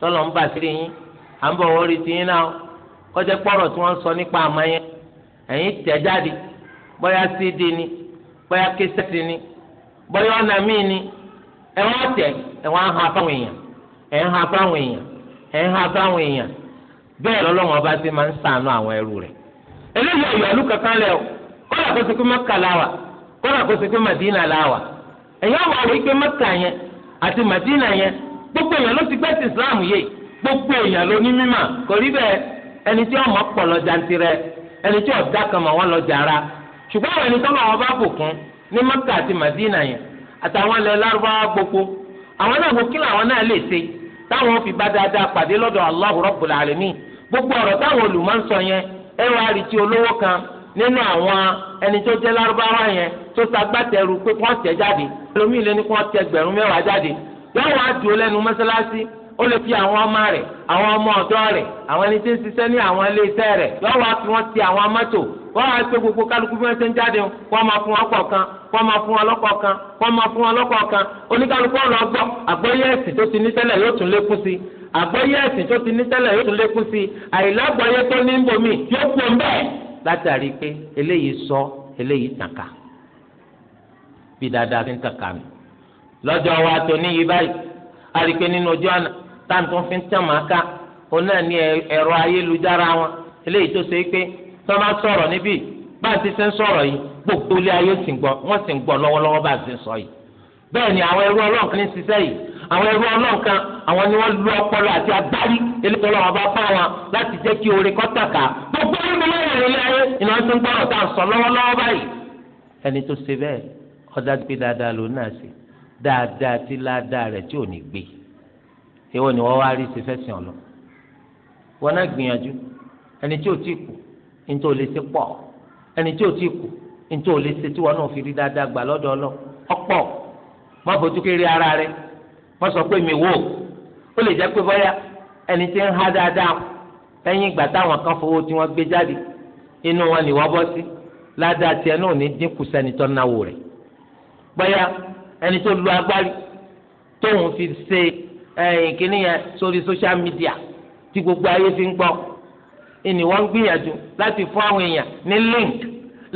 tọ́lọ̀ ń bà sílẹ̀ yín à ń bọ̀ náà sọ nípa àmọ́ yẹn ẹ̀yin jáde ni ni ọ̀nà míì ni tẹ̀ á hàn fáwọn èèyàn ẹ̀ ń ha fáwọn èèyàn ẹ̀ ń ha fáwọn èèyàn bẹ́ẹ̀ lọ́lọ́wọ́n ọba ti máa ń sànú àwọn ẹrú rẹ̀ eléyìí ọ̀yọ́ kankan o mẹ́kà láwà láwà ẹ̀yọ́ àwọn àwọn ìgbé mẹ́kà yẹn àti yẹn gbogbo èèyàn ló ti gbẹ́sì islam yé gbogbo èèyàn ló ní mímà kò rí bẹ́ẹ̀ ẹni tí ọmọ pọ̀ lọ́jà ń tirẹ̀ ara ṣùgbọ́n àwọn ẹni tọ́lọ́ wọn bá bò táwọn fi bá dáadáa pàdé lọ́dọ̀ Allahu Rabbul Alamin gbogbo ọ̀rọ̀ táwọn olùmọ̀ ń sọ yẹn ẹ wá rí ti olówó kan nínú àwọn ẹni tó jẹ́ lárúbáwá yẹn tó sagbátẹrù pé kí wọ́n tẹ̀ jáde ẹlòmíì lé ní kí tẹ̀ gbẹ̀rún mẹ́wàá jáde yọ̀wọ́ àdùn lẹ́nu mọ́sálásí ó lè fi àwọn ọmọ rẹ̀ àwọn ọmọ ọ̀dọ́ rẹ̀ àwọn ẹni tí ń ṣiṣẹ́ ní àwọn ilé iṣẹ́ rẹ̀ yọ̀wọ́ àti wọ́n ti àwọn mọ́tò wọ́n á pé gbogbo kálukú bí wọ́n ṣe ń jáde o wọ́n máa fún wọn kọ̀ọ̀kan wọ́n máa fún wọn lọ́kọ̀ọ̀kan wọ́n máa fún wọn lọ́kọ̀ọ̀kan oníkálukú ọ̀rọ̀ ọgbọ́ àgbọ́yé ẹ̀sìn tó ti ní tẹ́lẹ̀ yóò tún lékún sí àgbọ́yé ẹ̀sìn tó ti ní tẹ́lẹ̀ yóò tún lékún sí àìlágbọ́yé tó ní bomi yóò pọ̀ mbẹ́ látàrí pé eléyìí sọ eléyìí tànká bí dáadáa fi ń tànká mi lọ́jọ́ wa tó níyì báyìí a nínú ojú àná táǹtún fi ń tàn máa ká òun náà ní ẹ̀rọ ayélujára wọn eléyìí tó ṣe é pé sọ́mà sọ̀rọ̀ níbí bá a ti ṣe ń sọ̀rọ̀ yìí gbogbo ilé ayé sì ń gbọ́ wọ́n sì ń gbọ́ lọ́wọ́lọ́wọ́ bá a ti sọ yìí bẹ́ẹ̀ ni àwọn ẹrú ọlọ́run kan ní ṣiṣẹ́ yìí àwọn ẹrú ọlọ́run kan àwọn ni wọ́n lu ọpọlọ àti agbárí elétò ọlọ́run bá fún wọn láti jẹ́ kí oore kọ́tàkà gbogbo olùmọ̀lẹ́yìn ilé ayé ìná tó ń gbọ́rọ̀ tá à ń sọ lọ́wọ́lọ́wọ́ báyìí. ẹni tó ṣe ni wọ́n wá rí ṣe fẹ́ ẹni tí ò tí kù nítorí o lè ṣe pọ̀ ẹni tí o ti kù nítorí o lè ṣe tí wọn náà fi rí dáadáa gbà lọ́dọ̀ ọlọ́ ọ̀pọ̀ má fojú kéré ara rẹ má sọ pé mi wò ó lè jẹ́ pé bọ́yá ẹni tí ń há dáadáa lẹ́yìn ìgbà táwọn kan fowó tí wọ́n gbé jáde inú wọn ni wọ́n bọ́ sí ládàá tiẹ̀ náà ní dínkù sẹ́ni tó náwó rẹ̀ bọ́yá ẹni tó lu agbárí tóun fi ṣe ẹ̀yìn kìnìyàn sórí social media tí gbogbo ayé fi ń gbọ́ ni wọ́n gbìyànjú láti fún àwọn èèyàn ní link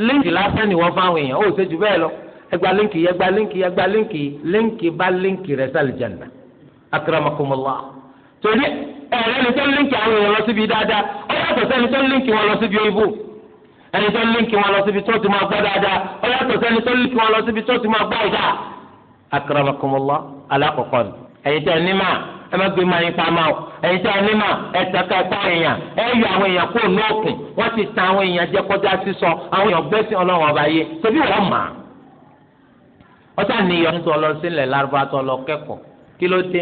link lásán ni wọ́n fún àwọn èèyàn ó ṣe jù bẹ́ẹ̀ lọ ẹgbà link yìí ẹgbà link yìí ẹgbà link yìí link bá link rẹ̀ sálì jẹ̀nà akramakumullah torí ẹ̀rọ ẹni tó link àwọn èèyàn lọ síbi dáadáa ó yàtọ̀ sẹ́ni tó link wọn lọ síbi ibú ẹni tó link wọn lọ síbi tó ti máa gbọ́ dáadáa ó yàtọ̀ sẹ́ni tó link wọn lọ síbi tó ti máa gbọ́ ìdá akramakumullah alákọ̀ọ́kọ́ ni ẹ̀yin tẹ́ máa ẹ má gbé máa yín pamọ́ o ẹ̀yin tí a ní mà ẹ tẹ̀ka ẹ̀ka èèyàn ẹ yọ àwọn èèyàn kó ní òkun wọ́n ti tan àwọn èèyàn jẹ́ kọjá sísọ àwọn èèyàn gbẹ́sìn ọlọ́run ọba yé ṣebí wọ́n mà á. ọ̀tá nìyọnu tó lọ sílẹ̀ lárúbá tó lọ kẹ́kọ̀ọ́ kí ló dé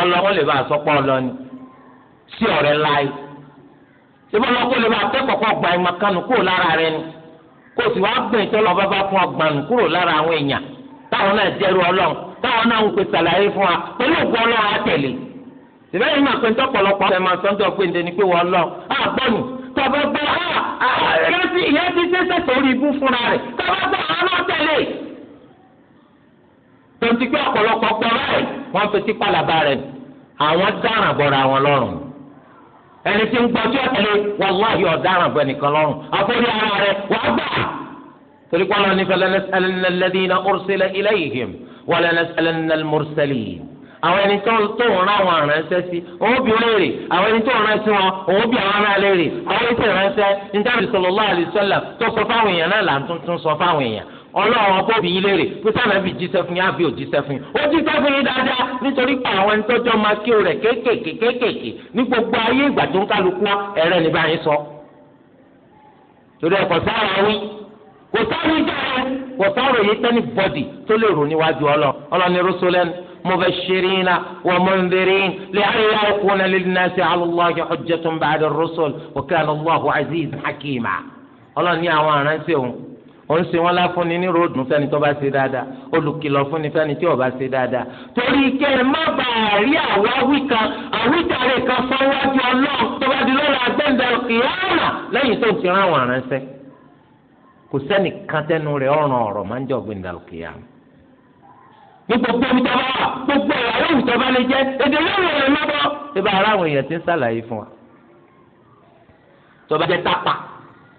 ọlọ́run lè bá àsọpọ̀ ọlọ́ni sí ọ̀rẹ́ láì ṣebí ọlọ́kọ́ lè bá akẹ́kọ̀ọ́ gbà ìmọ̀kanu kúrò lára rẹ ni kó o sì wá gbìn tó lọ bá bá fún ọgbàánu kúrò lára àwọn èèyàn táwọn náà jẹ́rú ọlọ́run táwọn náà ń pè sàlàyé fún wa pẹ̀lú òkú ọlọ́run á tẹ̀lé síbẹ̀ yìí máa pe ń tọ́pọ̀lọpọ̀ ọ̀sẹ̀ máa sọ́jọ́ pé ǹdẹ́ ni pé wọ́n lọ àgbọ̀nù tọ́ba gbọ́ ìyá ti ṣẹ̀ṣẹ̀ sórí ibú fúnra rẹ̀ tọ́ba gbọ́ àwọn náà tẹ̀lé tonti pé ọ̀pọ̀lọpọ̀ pọ̀ báyìí wọ́n fetí pàlàbà rẹ̀ àwọn dáràn bọ̀rọ̀ àwọn lọ́rùn ẹni tí ń gbọ́ tí ó tẹ̀lé wàláhì ọ̀daràn bọ̀ ẹnìkan lọ́rùn ara rẹ̀ wàá gbà torí pọ́nlọ́ nífẹ̀ẹ́ lẹ́lẹ́dínlẹ́dínlẹ́ wala nas'alanna al-mursalin àwọn ẹni tó tó ń rán àwọn aránṣẹ́ sí òun bí léèrè àwọn ẹni tó ń rán sí wọn òun bí àwọn ará léèrè àwọn ẹni tó ń ránṣẹ́ nítorí sallallahu alaihi wasallam tó sọ fáwọn èèyàn náà là ń tuntun sọ fáwọn èèyàn ọlọ́run ọkọ òbí yín léèrè pé sábà fi jíṣẹ́ fún yín àbí òjíṣẹ́ fún yín ó jíṣẹ́ fún yín dáadáa nítorí pé àwọn ẹni tọ́jọ́ máa kí o rẹ̀ kéékèèké kéékèèké ní gbogbo ayé ìgbà tó ń kálukú ẹ̀rẹ́ ní báyìí sọ. torí ẹ̀kọ́ sára wí kò sáré dára kò sọ̀rọ̀ yìí tẹ́ni bọ́dì tó lè rò níwájú ọlọ ọlọ́ni rusulan mubashirina wa mundhirin li'alla yakuna lin-nasi 'ala Allahi hujjatun ba'da ar-rusul wa kana Allahu 'azizan hakima ọlọ́ni àwọn aránṣẹ́ òun òun ṣe wọn láfún ni ní ròdù fẹ́ni tó bá ṣe dáadáa olùkìlọ̀ fún ni fẹ́ni tí ò bá ṣe dáadáa torí kẹ ẹ má bàa rí àwáwí kan àwíjàre kan fọwọ́jú ọlọ́run tó bá di lọ́la kò sẹ́ni kan tẹ́nu rẹ̀ ọ̀ràn ọ̀rọ̀ máa ń jọ gbé ìdàlùkìyà ní gbogbo omi tó bá wà gbogbo ìyàwó ìtọ́ bá lè jẹ́ èdè lórí rẹ̀ lọ́bọ̀ ibà ara àwọn èèyàn ti ń sàlàyé fún wa tó bá jẹ́ tápà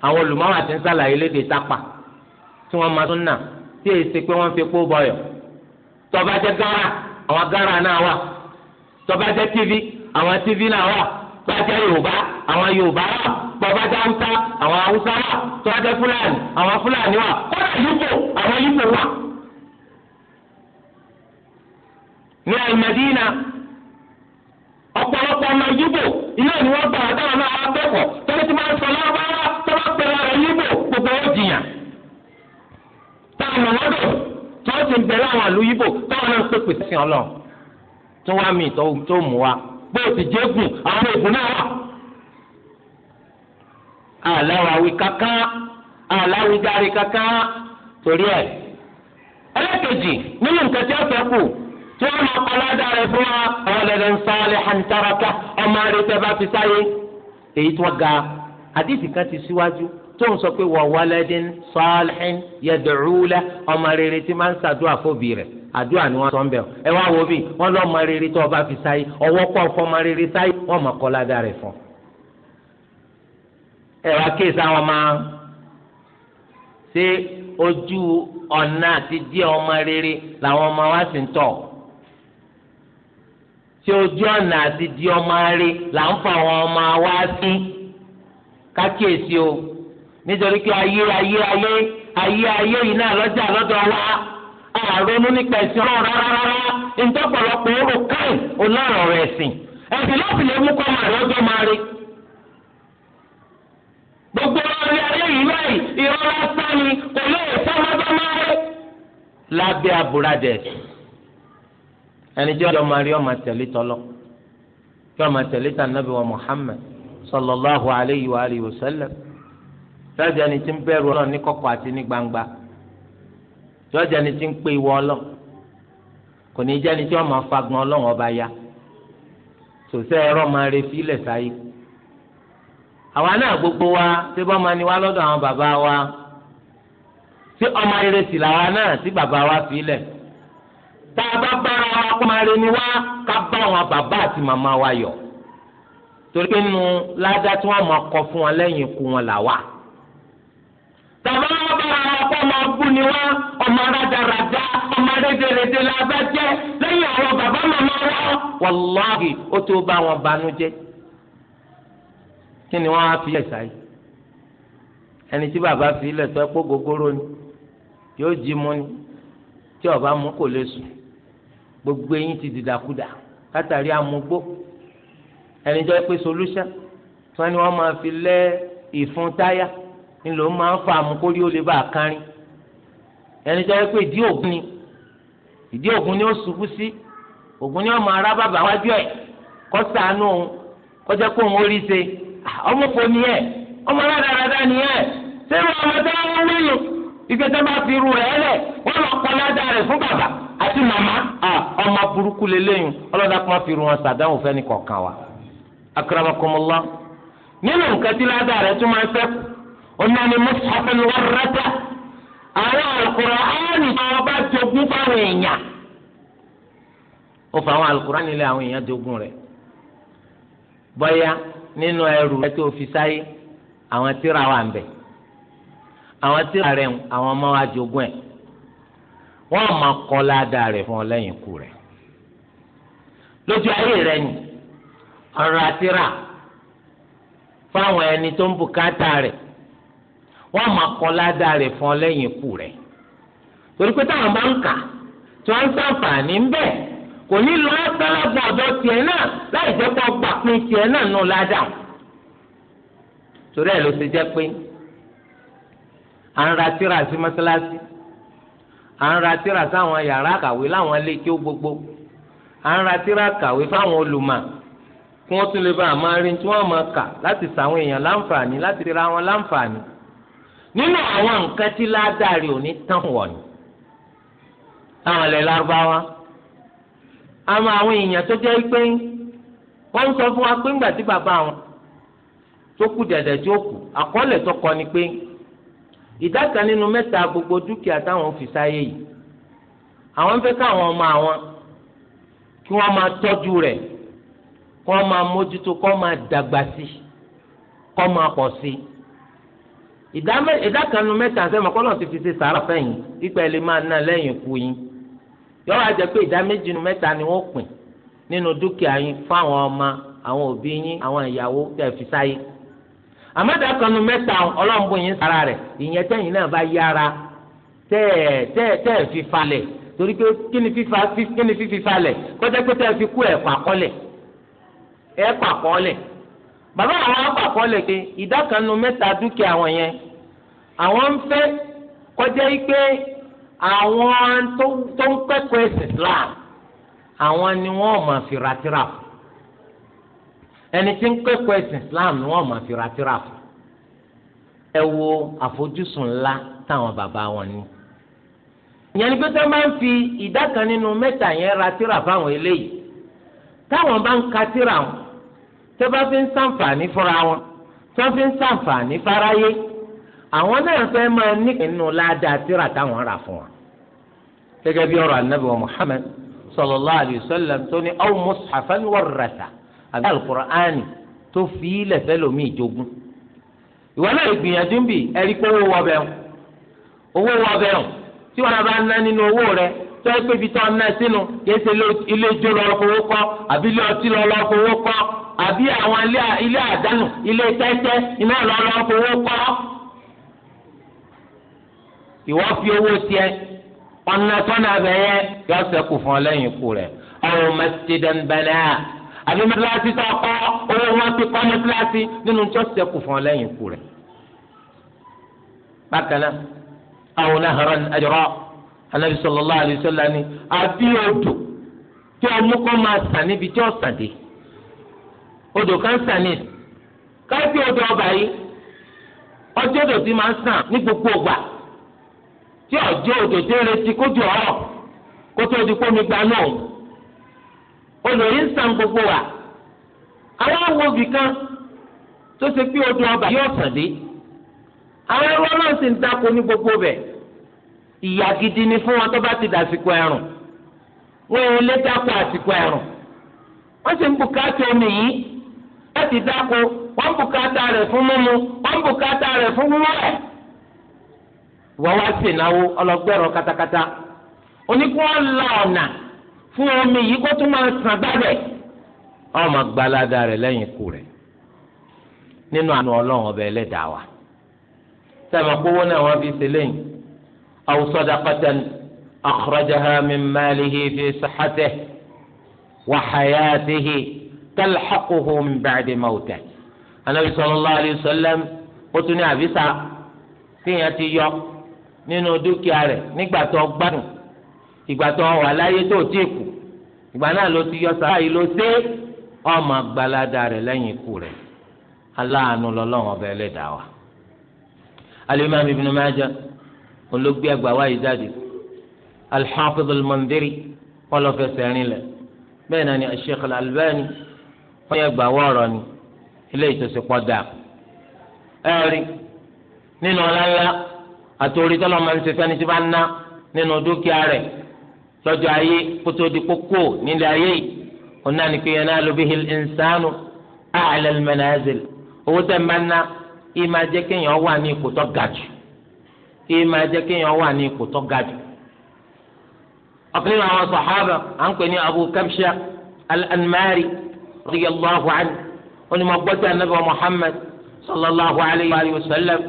àwọn olùmọ́wà ti ń sàlàyé lédè tápà tí wọ́n máa tún nà tí èyí ṣe pé wọ́n fi kó bọyọ̀ tó jẹ́ gárà àwọn gárà náà wà tó jẹ́ tv àwọn tv náà wà tó bá jẹ́ yorùbá àwọn yorùbá wà bàbá dáhùsá àwọn haúsá wà tó bá jẹ́ fúlàní àwọn fúlàní wà kọ́dà yípo àwọn yípo wà. ní àlùmọ́dínà ọ̀pọ̀lọpọ̀ ọmọ yípo ilé ni wọ́n gbà àtàwọn náà wá kẹ́kọ̀ọ́ tọ́lá ti máa ń sọ lọ́wọ́ tó bá pẹ̀lú ọ̀rọ̀ yípo gbogbo ó jìyàn. táwọn ọ̀dọ́ tó ti ń bẹ̀rẹ̀ àwọn àlù yípo táwọn náà pèpè sí ọlọ́run tó wá mi tó mú wa bó ti jẹ́ gùn àwọn ègùn náà wà àláwáwí kankan àláwí dárí kankan torí ẹ̀. ẹlẹ́kejì nínú nǹkan tí ó fẹ́ kù tí wọ́n máa kọ́ ládàá fún wa ọ̀lẹ́dẹ̀ ń sọ́ọ́lẹ̀ àǹtaraka ọmọ rẹ̀ tẹ́ bá fi sáyé èyí tó ga àdìsí kan ti síwájú tó ń sọ pé wọ́n wọlẹ́dín sọ́ọ́lẹ́hìn yẹ̀dùrúlẹ̀ ọmọ rere tí máa ń ṣàdúrà fóbi rẹ̀ àdúrà ni wọ́n sọ ń bẹ̀ ẹ wá wo bí wọ́n lọ́ọ́ mọ rere tó ọba fi sáyé ọwọ́ kọ́ ọ̀fọ́ mọ rere sáyé wọ́n mọ̀ kọ́ ládàá fún un. ẹ̀rọ akéésì àwọn ọmọ ṣé ojú ọ̀nà àti díẹ̀ ọmọ rere làwọn ọmọ wa sì ń tọ̀ ṣé ojú ọ̀nà àti díẹ̀ ọmọ rere là ń àwọn ọmọ wa sí kákíyèsí o nítorí pé ayé ayé ayé ayé ayé yìí náà lọ́jà lọ́dọ̀ wa àrònú nípa ẹ̀sìn ọ̀rọ̀ rárá ntọ́pọ̀lọpọ̀ orò káì ọlọ́rọ̀ rẹ̀ ẹ̀sìn láti lè mú kọ́ máa ìrora sani kò lè sọmọdọmọdé lábẹ́ àbúradẹ ẹni jẹ́ ọmọ rí ọmọ tẹ̀lé tọ́lọ́ kí ọmọ tẹ̀lé tà wa sallallahu alayhi wa alihi wa sallam ẹni ti ń bẹ̀rù ọlọ́run ní kọ̀kọ̀ àti ní gbangba ń pè ọlọ́ kò ní jẹ́ tí ya ẹ̀rọ máa àwa náà gbogbo wa ṣé bọ́ máa ní wá lọ́dọ̀ àwọn bàbá wa ṣé ọmọ eré sì làwa náà tí bàbá wa fi lẹ̀ tá a bá bára wa kó máa reni wá ká bá àwọn bàbá àti màmá wa yọ̀ torí pé nu ládá tí wọ́n máa kọ fún wọn lẹ́yìn ikú wọn làwà tàbá wọn bára wa kó máa bú ni wá ọmọ rádaràdá ọmọ rédèrèdè la bá jẹ́ lẹ́yìn àwọn bàbá màmá wa wàláhì ó tó bá wọn banú jẹ́ kí ni wọ́n á fi ẹ̀sà yìí ẹni tí bàbá fi ilẹ̀ tó ẹ gogoro ni yóò jí mu ni tí ọba mú kò lè sùn gbogbo eyín ti dìdàkudà látàrí amúgbó ẹni jọ pé solution tí wọ́n ní wọ́n máa fi lẹ́ ìfun táyà ńlò máa ń fa àmúkórí ó lè bá a kárín ẹni jọ pé ìdí ògùn ni ìdí ògùn ni ó ṣubú sí ògùn ni ó máa rá wájú ẹ̀ kó ṣàánú òun kó jẹ́ kó òun ó rí ṣe. ọmọkò nìyẹn ọmọ rádaràdà nìyẹn sẹ́nu ọmọ tó ń wúlò ìgbẹ́ tó bá fi irú rẹ̀ lẹ̀ wọ́n lọ kọ́ ládàá rẹ̀ fún bàbá àti màmá ọmọ burúkú lélẹ́yìn ọlọ́dà kan fi irú wọn sàdáhùn wa. nínú ládàá máa àwọn nínú ẹrù rẹ tó fi sáyé àwọn tíra wà ń bẹ àwọn tíra rẹ àwọn ọmọ wa jogún ẹ wọn máa kọ ládàá rẹ fún ọ lẹ́yìn ikú rẹ lójú ayé rẹ ni ọ̀rọ̀ àtìrà fáwọn ẹni tó ń bùkátà rẹ wọn máa kọ ládàá rẹ fún ọ lẹ́yìn ikú rẹ torí pé táwọn bá ń kà tí wọn ń sàǹfààní ń bẹ kò ní lọ sálọ́gbọ̀n ọ̀dọ̀ tiẹ̀ náà láì jẹ́ kó gbà pín tiẹ̀ náà nù ládàá torí ẹ̀ ló ṣe jẹ́ pé à ń ra tíra sí mọ́sálásí à ń ra tíra sáwọn yàrá kàwé láwọn ilé kí ó gbogbo à ń ra tíra kàwé fáwọn olùmọ̀ kí wọ́n tún lè bá àmọ́ rí tí wọ́n máa kà láti sàwọn èèyàn láǹfààní láti ra wọn láǹfààní nínú àwọn nǹkan tí ládàá rí òní tán wọ̀ ni àwọn ilẹ̀ lárúbáwá àmọ́ àwọn èèyàn tó jẹ́ pé wọ́n ń sọ fún wa pé ńgbà tí bàbá wọn tó kú dẹ̀dẹ̀ tí ó kù àkọọ́lẹ̀ tó kọ ni pé ìdá kan nínú mẹ́ta gbogbo dúkìá táwọn fi sáyé yìí àwọn fẹ́ káwọn ọmọ àwọn kí wọ́n máa tọ́jú rẹ̀ kí wọ́n máa mójútó kí wọ́n máa dàgbà sí kí wọ́n máa pọ̀ sí ìdá nínú mẹ́ta sẹ́mi ọkọ́ ti fi ṣe sàárà fẹ́yìn pípẹ́ lè máa ná lẹ́yìn ikú yín yọ wá jẹ́ pé ìdá méjì nu mẹ́ta ni wọ́n pín nínú dúkìá yín fún àwọn ọmọ àwọn òbí yín àwọn ìyàwó tẹ̀ fi sáyé àmọ́dá kanu mẹ́ta ọlọ́mbù yín sara rẹ̀ ìyẹn tẹ́yìn náà bá yára tẹ́ tẹ́ tẹ́ fi falẹ̀ torí pé kí ni fífa kí ni fífi falẹ̀ kọjá pé tẹ́ fi kú ẹ̀ pàkọ́lẹ̀ ẹ̀ pàkọ́lẹ̀ bàbá àwọn pàkọ́lẹ̀ pé ìdá kanu mẹ́ta dúkìá àwọn yẹn àwọn ń fẹ́ kọjá yìí pé àwọn tó ń kẹ́kọ̀ọ́ ẹ̀sìn Islam àwọn ni wọ́n máa fi ra tírà fún ẹni tí ń kẹ́kọ̀ọ́ ẹ̀sìn Islam ni wọ́n máa fi ra tírà fún ẹ wo àfojúsùn ńlá táwọn bàbá wọn ní. ìyẹn ni pé tí wọ́n máa ń fi ìdá kan nínú mẹ́ta yẹn ra tírà fáwọn eléyìí táwọn bá ń ka tírà wọn tó bá fi ń sàǹfààní fúnra wọn tó fi ń sàǹfààní fáráyé àwọn náà fẹ́ máa nípìn nínú ládàá tírà táwọn rà fún wọn gẹ́gẹ́ bí ọ̀rọ̀ anabi wa muhammed sallallahu alayhi wa sallam tó ní aw mushafan warrasa àbí alukur'ani tó fi ilẹ̀ fẹ́ lomi ìjogún ìwọ náà ìgbìyànjú ń bì ẹ̀rí pé owó wọ bẹ́ẹ̀ owó wọ bẹ́ẹ̀ tí wọn bá ná nínú owó rẹ tọ́wọ́ pé ibi tó ń ná sínú kìí ṣe ilé ijó lọ́ọ́ fowó kọ́ àbí ilé ọtí lọ́ọ́ fowó kọ́ àbí àwọn ilé àdánù ilé tẹ́tẹ́ iná lọ́ọ́ fowó kọ́. ìwọ fi owó tiẹ̀ ọ̀nà sọ́nà abẹ́yẹ yọ sẹ́kù fún ọ lẹ́yìn ikú rẹ̀ masjidan bana àbí mẹsàlásì tó kọ́ owó wọn ti kọ́ mẹsàlásì nínú tó sẹ́kù fún ọ lẹ́yìn ikú rẹ̀. bákan àwọn onáhàrán àjọrọ anabi sallallahu alaihi wasallam ni àbí odò tí ọmú kọ́ máa sàn níbi tí ó sàn dé odò kan sàn ní odò ọba yìí ọjọ́ sàn ní gbogbo ọgbà. tí ọjọ́ òjò tí ń retí kójú kó tó di kómi gba náà olórí ń san gbogbo wa àwọn awo kan tó ṣe pé odò ọba yóò sàn dé àwọn ẹrú ọlọ́run sì ń dáko ní gbogbo bẹ̀ gidi ni fún wọn tó bá ti dàsìkò wọn ò lè dáko àsìkò omi yìí láti dáko ń bùkátà fún mímu ń bùkátà fún wọ́n wá sí ìnáwó ọlọ́gbẹ́rọ katakata onye kwuo ọ̀nà fún omi yìí kó tún máa sàn gbàgbẹ́ ọmọ gbalada rẹ lẹ́yìn ikú rẹ nínú àánú ọlọ́run ọbẹ̀ ẹlẹ́dàá wa sẹ́mi kówó náà wọ́n fi ṣe lẹ́yìn ha mi akhrajaha min malihi fi sihhatihi wa hayatihi talhaquhu di ma mawtihi anabi sallallahu alayhi wa sallam ó tún ní àbísà ti yọ. nínú dúkìá rẹ̀ nígbà tó gbádùn ìgbà tó wà láyé tó tí ì kù ìgbà náà ló ti yọ sàrà yìí ló dé ọmọ gbalada rẹ̀ lẹ́yìn ikú rẹ̀ aláàánú lọ́lọ́run ọba ẹlẹ́dàá wa. alimami ibn Majah olóògbé ẹgbà wáyé jáde al-Hafiz al-Mundhiri wọn náà ni al-Sheikh wọn yẹ gbà wọ́ọ̀rọ̀ ni ilé ìtòsí pọ̀ dà ẹ̀rí nínú ọlá àtòrí tọ́lọ́ máa ń ṣe fẹ́ni tí bá ń ná nínú dúkìá rẹ̀ lọ́jọ́ ayé kótó di kókó nílé ayé yìí òun náà ní pé yanalu bihil insanu a'la al-manazil owó tẹ̀ ń bá ná yìí máa jẹ́ kéèyàn wà ní ipò tó ga jù yìí máa jẹ́ kéèyàn wà ní ipò tó ga jù. ọ̀kan nínú àwọn sàhábà à ń pè ní Abu Kabsha al-Anmari radiyallahu anhu onímọ̀ gbọ́dọ̀ anabi Muhammad sallallahu alayhi wa sallam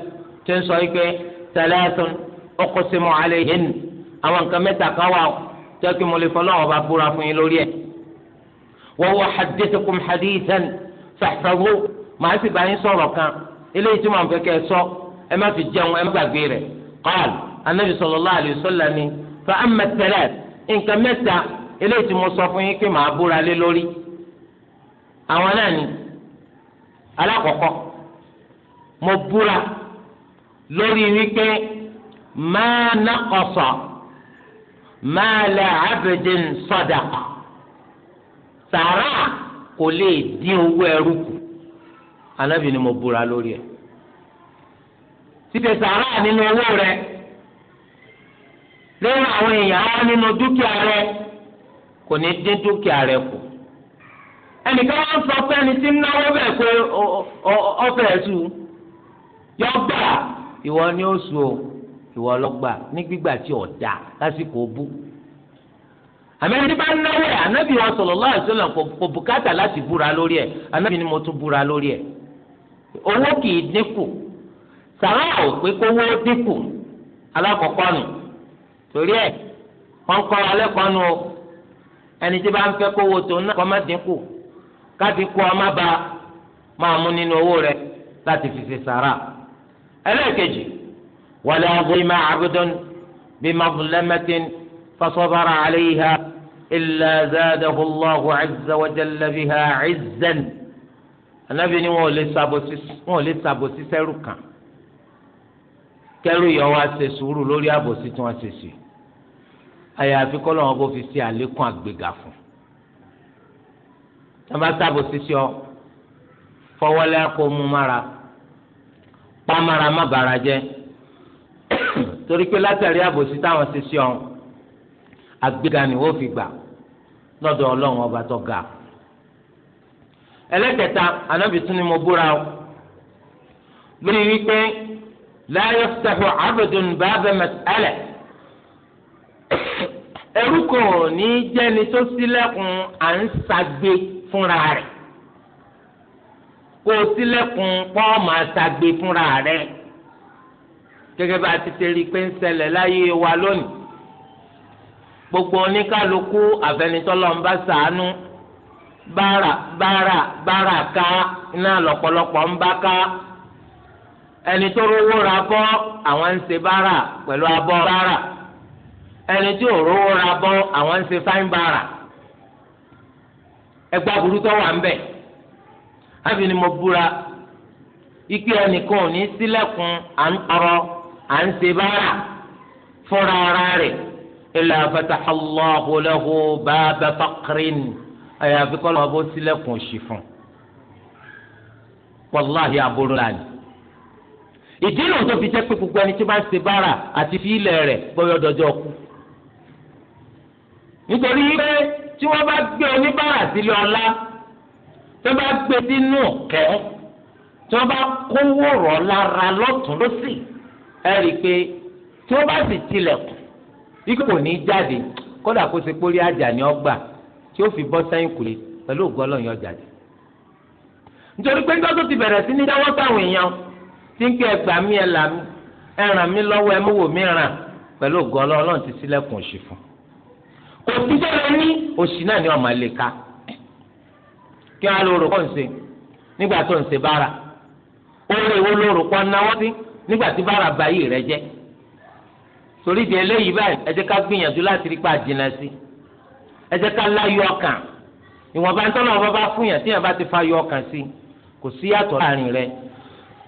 ti ń sọ yìí pé tẹlẹsùn ọkọsímọ alẹ yẹn àwọn nǹkan mẹ́ta kan wà tẹkí mo lè fọ náà wọn bá búra fún yín lórí ẹ. wọ́n wọ hadithukum hadithan fàfẹ́wò màá sì bá yín sọ̀rọ̀ kan eléyìí tí màá fẹ́ kẹ́ ẹ sọ ẹ má fi jẹun ẹ má gbàgbé rẹ̀ qal anabi sallallahu alaihi wasallam ni fa amma tẹlẹs nǹkan mẹ́ta eléyìí tí mo sọ fún yín pé màá búra lé lórí àwọn náà ni alákọ̀ọ́kọ́ mo búra. lórí wípé máa nàkọsọ máa lẹ abidjan sọdàkọ sàrà kò lè dín owó ẹrú kù anábì ni mo búra lórí ẹ títẹ sàrà nínú owó rẹ lórí àwọn èèyàn á nínú dúkìá rẹ kò ní dín dúkìá rẹ kù ẹnìkan wọn sọ pé ẹni tí ń náwó bẹ́ẹ̀ pé ọbẹ̀ yọ gbà. ìwọ ni ó sùn o ìwọ lọgbà ní gbígbà tí ò da lásìkò bú bá náwó anábì kò bùkátà láti búra lórí anábì ni mo tún búra lórí ẹ̀ owó kì í dínkù sàrà ò pé kówó dínkù alákọ̀ọ́kọ́ nù torí ẹ̀ wọ́n kọ́ alẹ́ nù o ẹni tí bá ń fẹ́ kówó tó náà kọ́ má rẹ láti fi ṣe ẹlẹ́ẹ̀kejì wàlẹ́ ọ̀gbìnmá àbúdọ́n bí mọ̀fúnlẹ́mẹ́tìn fasọ́bára àlẹ́yìhá ilà zádàhùláhù àzàwájálẹ́bíhá àìzẹ́n. anábì ni wọn ò lè sàbòsí sẹ́rù kan kẹ́rù yọ wá ṣe sùúrù lórí àbòsí tí wọ́n ṣe sí àyàfi kọ́ lọ́wọ́ bó fi ṣe àlékún àgbéga fún tọ́ba sàbòsí sí ọ fọwọ́lẹ́ kó mú mára pamara má bara jẹ́ torí pé látàrí àbòsí táwọn ti ṣe ọ̀hún àgbéga ni wọ́n fi gbà lọ́dọ̀ ọlọ́run ọba tó ga ẹlẹ́kẹta anábì tún ni mo búra o lórí wípé la yaftahu abdun baba mas'ala ẹrú kò ní jẹ́ni tó ṣílẹ̀kùn à ń ṣagbe fúnra rẹ̀ kó sílẹ̀kùn pọ́ máa ṣàgbé fúnra rẹ̀ gẹ́gẹ́ bá a ti ṣe rí i pé ń ṣẹlẹ̀ láyé wa lónìí gbogbo oníkálukú àfẹnitọ́lọ́mbà ṣàánú bára bára bára ká iná lọ́pọ̀lọpọ̀ ń bá ká ẹni tó rówó ra bọ́ àwọn ń ṣe bára pẹ̀lú abọ́ bára ẹni tí ò rówó ra bọ́ àwọn ń ṣe fáin bára ẹgbàá burúkú wà ń àbí ni mo búra ikú ẹnìkan ò ní sílẹ̀kùn à ń tọrọ à ń ṣe báárà fúnra ara rẹ̀ illa fataha Allahu lahu baba faqrin àyàfi kọ́ lọ́wọ́ bó sílẹ̀kùn òṣì fún wàláhi aburú la ni ìdí lòun tó fi jẹ́ pé gbogbo ẹni tó bá ń ṣe báárà àti fi ilẹ̀ rẹ̀ bọ́yọ̀ dọjọ́ kú nítorí pé tí wọ́n bá gbé oníbàárà sílé ọlá tó bá gbé dínú ọ̀kẹ́ tó bá kówó rọ̀ lára lọ́tún lọ́sì ẹ rí i pé tí ó bá sì tilẹ̀kùn ikú kò ní í jáde kódà kó ṣe pórí àjà ni ọgbà tí ó fi bọ́ sẹ́yìn kùlé pẹ̀lú ògbọ́lọ́yìn ọjà jẹ. nítorí pé nígbà tó ti bẹ̀rẹ̀ sí ní dáwọ́ sáwọn èèyàn tí ń pẹ́ ẹgbàá mi ẹ̀ là mí ẹ lọ́wọ́ ẹ mọ́wọ́ mi ràn pẹ̀lú ògbọ́lọ́ ọlọ́run ti sílẹ̀kùn òṣì fún. kò sí ní òṣì náà ni ọmọ kí wọn lóru kọ́ ń ṣe nígbà tó ń ṣe bára oore wo lóru kọ́ náwó sí nígbà tí bára bá yìí rẹ jẹ́ torí di eléyìí báyìí ẹ jẹ́ ká gbìyànjú láti rí pa jìnnà sí ẹ jẹ́ ká láyọ̀ ọkàn ìwọ̀nba ń bá fún yàn tí yàn bá ti fa yọ ọkàn sí kò sí yàtọ̀ láàrin rẹ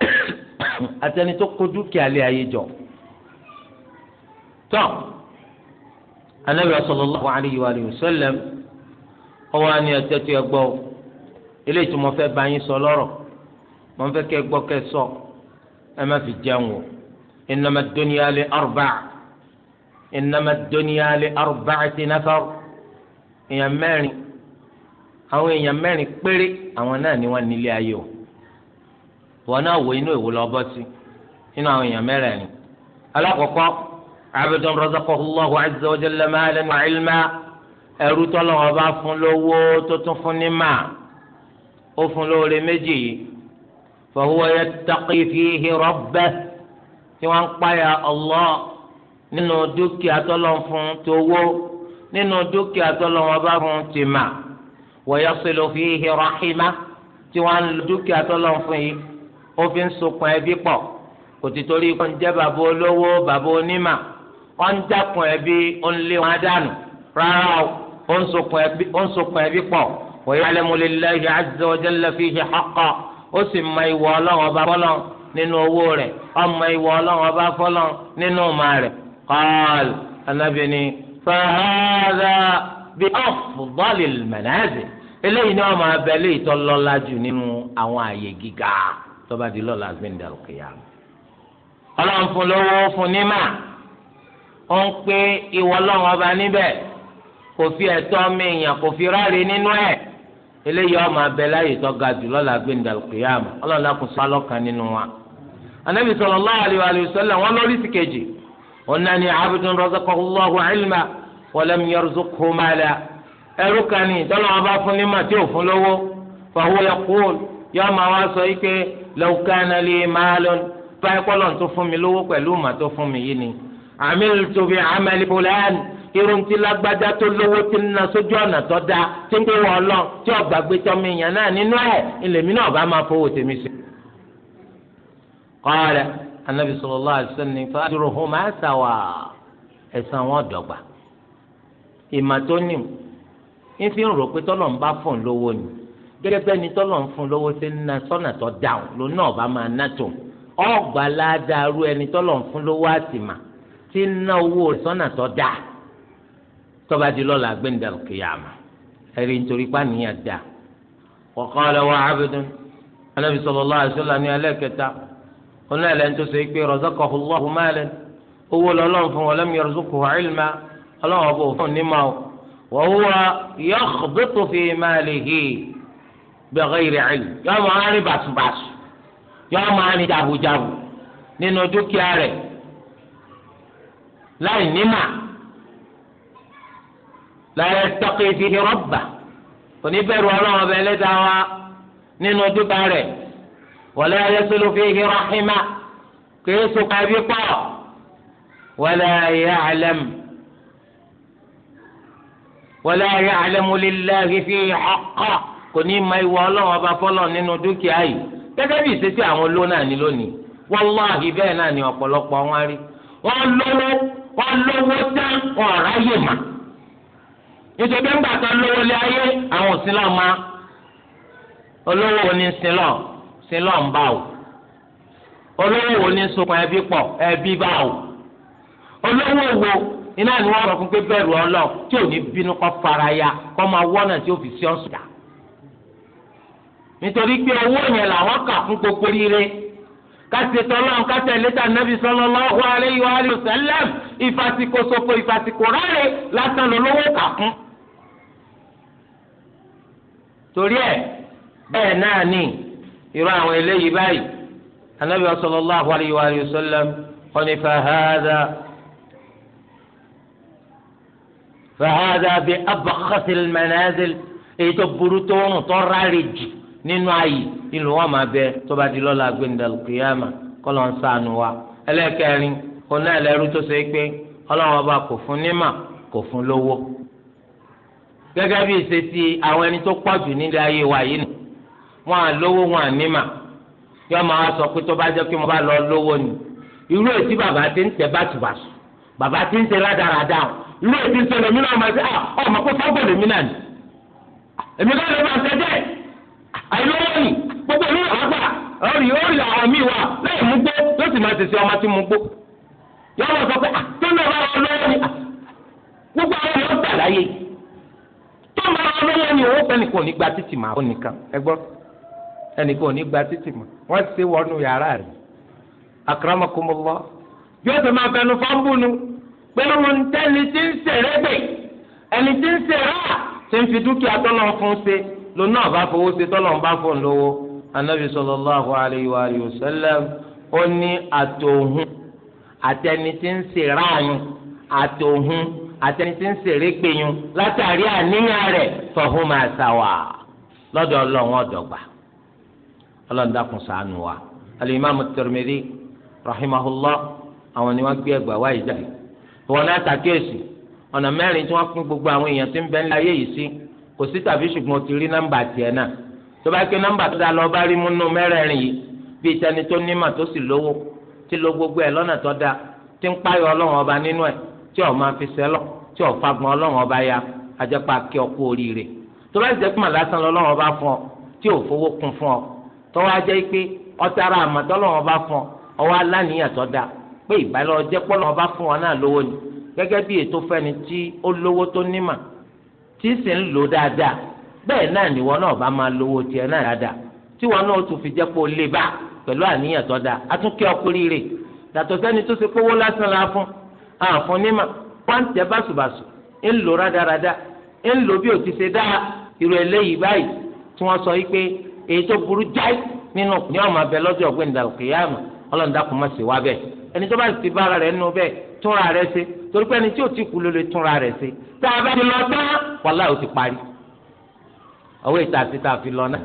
àtẹni tó kó dúkìá lé ayé jọ tọ́ anabi sallallahu alayhi wa sallam ọwọ́ àni eléyìí tí mo fẹ́ bá yín sọ lọ́rọ̀ mo fẹ́ kẹ́ gbọ́ kẹ́ sọ ẹ má fi jẹun o innama dunya li arba'a innama dunya li arba'ati nafar èèyàn mẹ́rin àwọn èèyàn mẹ́rin péré àwọn náà ni wọ́n nílé ayé o wọn náà wò inú èwo lọ́ọ́ bọ́ sí inú àwọn èèyàn mẹ́rẹ̀ẹ̀rin alákọ̀ọ́kọ́ abidjan razaqahu Allahu azza wa jalla malan wa tọ́lọ́wọ́ bá fún lówó tó tún fún ní máa ó fún lóore méjì yìí fahuwa yattaqi fihi rabbah tí wọ́n ń páyà Allah nínú dúkìá tọ́lọ́ fún tówó nínú dúkìá tọ́lọ́ wọn bá fún tìmà wa yasilu fihi rahimah tí wọ́n ń lo dúkìá tọ́lọ́ fún yìí ó fi ń sokùn ẹbí pọ̀ kò ti torí kò ń jẹ́ bàbá olówó bàbá onímà ó ń dákun ẹbí ó ń lé wọn dànù rárá o ó ń sokùn ẹbí pọ̀. ويعلم لله عز وجل فيه حقا أسمى يوالون وبفلون ننو ووري أما يوالون وبفلون ننو ماري قال النبي فهذا بأفضل المنازل eléyìí ni wọn máa bẹ léyìí tó lọ́lá jù nínú àwọn àyè gíga tó bá di lọ́la gbẹ̀ndà òkèèyà ọlọ́run fún lówó fún nímà ó ń pé ìwọ ọlọ́run ọba níbẹ̀ kò fi ẹ̀tọ́ mi èèyàn kò fi ráre nínú ẹ̀ eléyìí ọmọ abẹ láyè tó ga jù lọ́la gbẹ̀ndà kìyàmù ọlọ́la kò sọ alọ́kan nínú wa. anabi sallallahu alaihi wa sallam wọn lórí sí kejì wọn náà ní abidun razaqahu Allahu ilma wa lam yarzuqhu mala ẹrú kan ní ìtọ́nà wọn bá fún ní mà tí ò fún lówó fa huwa yaqul yóò máa wá sọ yìí pé law kana li malun báyìí kọ́lọ̀ tó fún mi lówó pẹ̀lú mà tó fún mi yìí ni amiltu bi amali fulan irun tí lágbájá tó lówó tí ń sójú ọ̀nà tó dáa tí ń pè wọ́n lọ tí gbé náà nínú ẹ̀ ìlèmí náà bá máa fowó tèmi sí. kọ́ọ̀rẹ́ anabi sallallahu alaihi wasallam fa'ajruhuma sawa ẹ̀sán wọn dọ̀gba ìmà tó ní ń fi ń rò pé tọ́lọ̀ ń bá fún lówó ni gẹ́gẹ́ bẹ́ẹ̀ ni tọ́lọ̀ ń fún lówó ṣe ń sọ́nà tó dáhùn ló náà bá máa ná tó ọgbà ẹni tọ́lọ̀ ń fún lówó àtìmà ń ná tọ́ba di lọ́la gbẹ̀ndàlù kìyàmà ẹ̀rí nítorí pàníyàn dà wọ́kọ́lẹ̀ wọ́n abidun anabi sallallahu alaihi wasallam ní alẹ́ kẹta ọ̀nà ẹ̀lẹ́ tó so ikpe razaqahu Allahu malan owó lọ́lọ́run fún wọn lam yarzuqhu ilma ọlọ́run ọba òfin onímọ̀ o wa huwa yakhbitu fi malihi bighayri ilm yọ́ọ́ máa rìn bàtúbàtú yọ́ọ́ máa rìn jàbùjàbù nínú dúkìá rẹ̀ láì nímà láyé tọ́kì fi ni rọ́bà kò ní bẹ̀rù ọlọ́run ọbẹ̀ ẹlẹ́dàá wa nínú dúpà rẹ̀ wọlé ayé sọlọ fi hi rahima kò yẹ sọ pọ̀ wọlé ayé alẹ́mu. ولا يعلم لله فيه حقا kò ní ma ìwọ ọlọ́run ọba fọlọ́ nínú dúkìá yìí gẹ́gẹ́ bí ìṣesí àwọn olówó náà ní lónìí wàláhì bẹ́ẹ̀ náà ní ọ̀pọ̀lọpọ̀ wọn rí wọn lówó wọn lówó tán wọn ráyè mà. nítorí ńgbà tó lówó lé ayé àwọn òsínlọ ma olówó wo ni sílọ sílọ ń bá wo ni sokùn ẹbí pọ̀ ẹbí bá o olówó wo iná ni wọn sọ fún ọlọ tí ò ní bínú kọ fara ya kọ máa wọnà tí ó fi sí ọsùn nítorí pé owó yẹn làwọn kà fún gbogbo rire nàbì torí ẹ̀ bẹ́ẹ̀ náà ni irú àwọn eléyìí báyìí anabi sallallahu alayhi wa sallam qani fahadha fahadha bi abakhasil manazil èyí tó burú tó ń tọ́ rárẹ̀ jù nínú ayé ìlú wọn máa bẹ tó bá di lọ́la gbẹ̀ndàlùkìyàmà kọ́lọ́ ń sànù wa ẹlẹ́kẹrin ọ̀nà ẹlẹ́rú tó ṣe é pé ọlọ́run ọba kò fún nímà kò fún lówó gẹ́gẹ́ bí ìṣesí àwọn ẹni tó pọ̀ jù nílé ayé wa yìí nù wọn à lówó wọn à nímà yọ máa sọ pé tó bá jẹ́ kí mo bá lọ lówó ni irú èsì bàbá ti ń tẹ bàtùbàtù bàbá ti ń tẹ rádaràdà irú èsì sọlẹ̀ mi náà máa ṣe ah, ọmọ kó fọ́gbọ̀n lèmi náà ni èmi náà lè máa ṣẹ́jẹ́ àìlówó ni gbogbo ìlú àgbà ọ̀rì ọ̀rì àwọn míì wà lẹ́yìn mú gbó yóò sì máa ṣèṣe ọmọ tí mú gbó yọ máa sọ pé ah, tó náà bá wọn lówó ni ah, gbogbo àwọn ọmọ tó máa ń lóyún ẹni owó pẹ́ẹ́nì kò ní gba títì mà ó nìkan ẹ gbọ́ ẹnì kò ní gba títì mà wọ́n ti wọnú yàrá rẹ̀ akramakumullah bí ó ti máa fẹnu fọ́nbùnú pẹ̀lú ntẹ́ni tí ń sèrébè ẹni tí ń sèrà tí ń fi dúkìá tọ́nà fún ṣe lòun bá fowó ṣe tọ́nà bá fún lówó anabi sallallahu alayhi wa alihi wa sallam ó ní àtòhún àtẹni tí ń sèrà yín àtòhún àtẹni tí ń sèré gbẹ̀yìn látàrí àníyàn rẹ̀ fọ̀hún máa ṣàwà lọ́dọ̀ ọlọ́run ọ̀dọ̀gba ọlọ́run dákun ṣàánú wa alimami Tirmidhi rahimahullah àwọn ni wọ́n gbé ẹgbà wáyé jáde ìwọ náà ṣàkíyèsí ọ̀nà mẹ́rin tí wọ́n pín gbogbo àwọn èèyàn tí ń bẹ nílẹ̀ ayé yìí sí kò sí tàbí ṣùgbọ́n ti rí nọ́mbà tiẹ̀ náà tó bá ké nọ́mbà tó dá lọ bá rí múnú mẹ́rẹ̀ẹ̀rin yìí bíi tẹni tó nímọ̀ tó sì lówó tí lo gbogbo ẹ̀ lọ́nà tó dáa tí ń páyọ̀ ọlọ́run ọba nínú ẹ̀ tí ọ̀ máa fi sẹ́lọ̀ tí ọ̀ fagbọn ọlọ́run ọba ya ajẹ́pá kí ọ kú oríire tó bá jẹ́ kúmọ̀ lásán lọ́lọ́run ọba fún ọ tí ò fowó kún fún ọ tó wá jẹ́ pé ọ̀tara àmọ̀tọ́lọ́run ọba fún ọ ọwọ́ aláníyàn tó dáa pé ìbálẹ̀ ọjẹ́ pọ́lọ́run ọba fún ọ náà lówó ni gẹ́gẹ́ bí ètò fẹ́ni tí ó lówó tó nímà tí sì ń lò dáadáa bẹ́ẹ̀ náà nìwọ náà bá máa lówó tiẹ̀ náà dáadáa tí wọn náà tún fi jẹ́ pé ó lè bá pẹ̀lú àníyàn tó dáa atúnkẹ́ ọkùnrin rè yàtọ̀ sẹ́ni tó ṣe kówó lásán la fún àfún nímà ma tẹ báṣubàṣu ń lò rádaràda ń lò bí òtí ṣe dáa irú eléyìí báyìí tí wọn sọ yìí pé èyí tó burú jáì nínú ní ọmọ abẹ lọ́jọ́ ọgbẹni dàlùkìyàmù Ọlọ́run dákun má ṣe wá bẹ́ẹ̀ ẹni tó bá ti bára rẹ̀ nù bẹ́ẹ̀ túnra rẹ̀ ṣe torí pé ẹni tí ò ti kú ló túnra rẹ̀ ṣe tá a bá ti lọ tán wàhálà ò ti parí ọwọ́ ìta àti tá fi lọ náà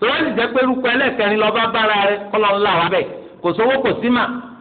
tòwọ́n ti jẹ́ pé rúkọ ẹlẹ́kẹrin lọ́ọ́ bá bára rẹ̀ kọ́lọ́ ńlá wa bẹ́ẹ̀ kò sówó kò sí mà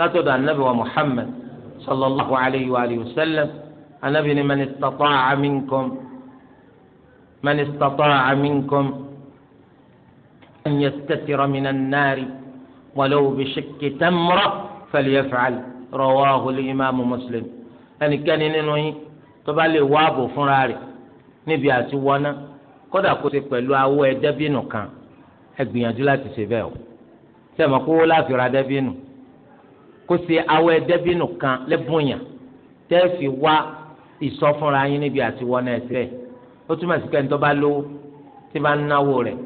látọ̀dọ̀ anabi wa muhammed sallallahu alayhi wa sallam anabi ni man istata'a minkum man istata'a minkum an yastatira minan nari walau bishikki tamra falyaf'al rawahu al-imaamu muslim ẹnikẹ́ni nínú yín tó bá lè wá ààbò fúnra rẹ̀ níbi àti wọná kódà kó ṣe pẹ̀lú awọ ẹ̀dẹ́bìnú kan ẹ gbìyànjú láti ṣe bẹ́ẹ̀ o sẹ́mi kó wọ́n láti ra dẹ́bìnú kó ṣe awọ ẹdẹbínú kan lẹbùnyà tẹẹfì wá ìsọfúnra yín níbi àtiwọ náà ẹsẹ ó túmọ̀ sí kẹ́ni tó bá lówó tí bá ń náwó rẹ̀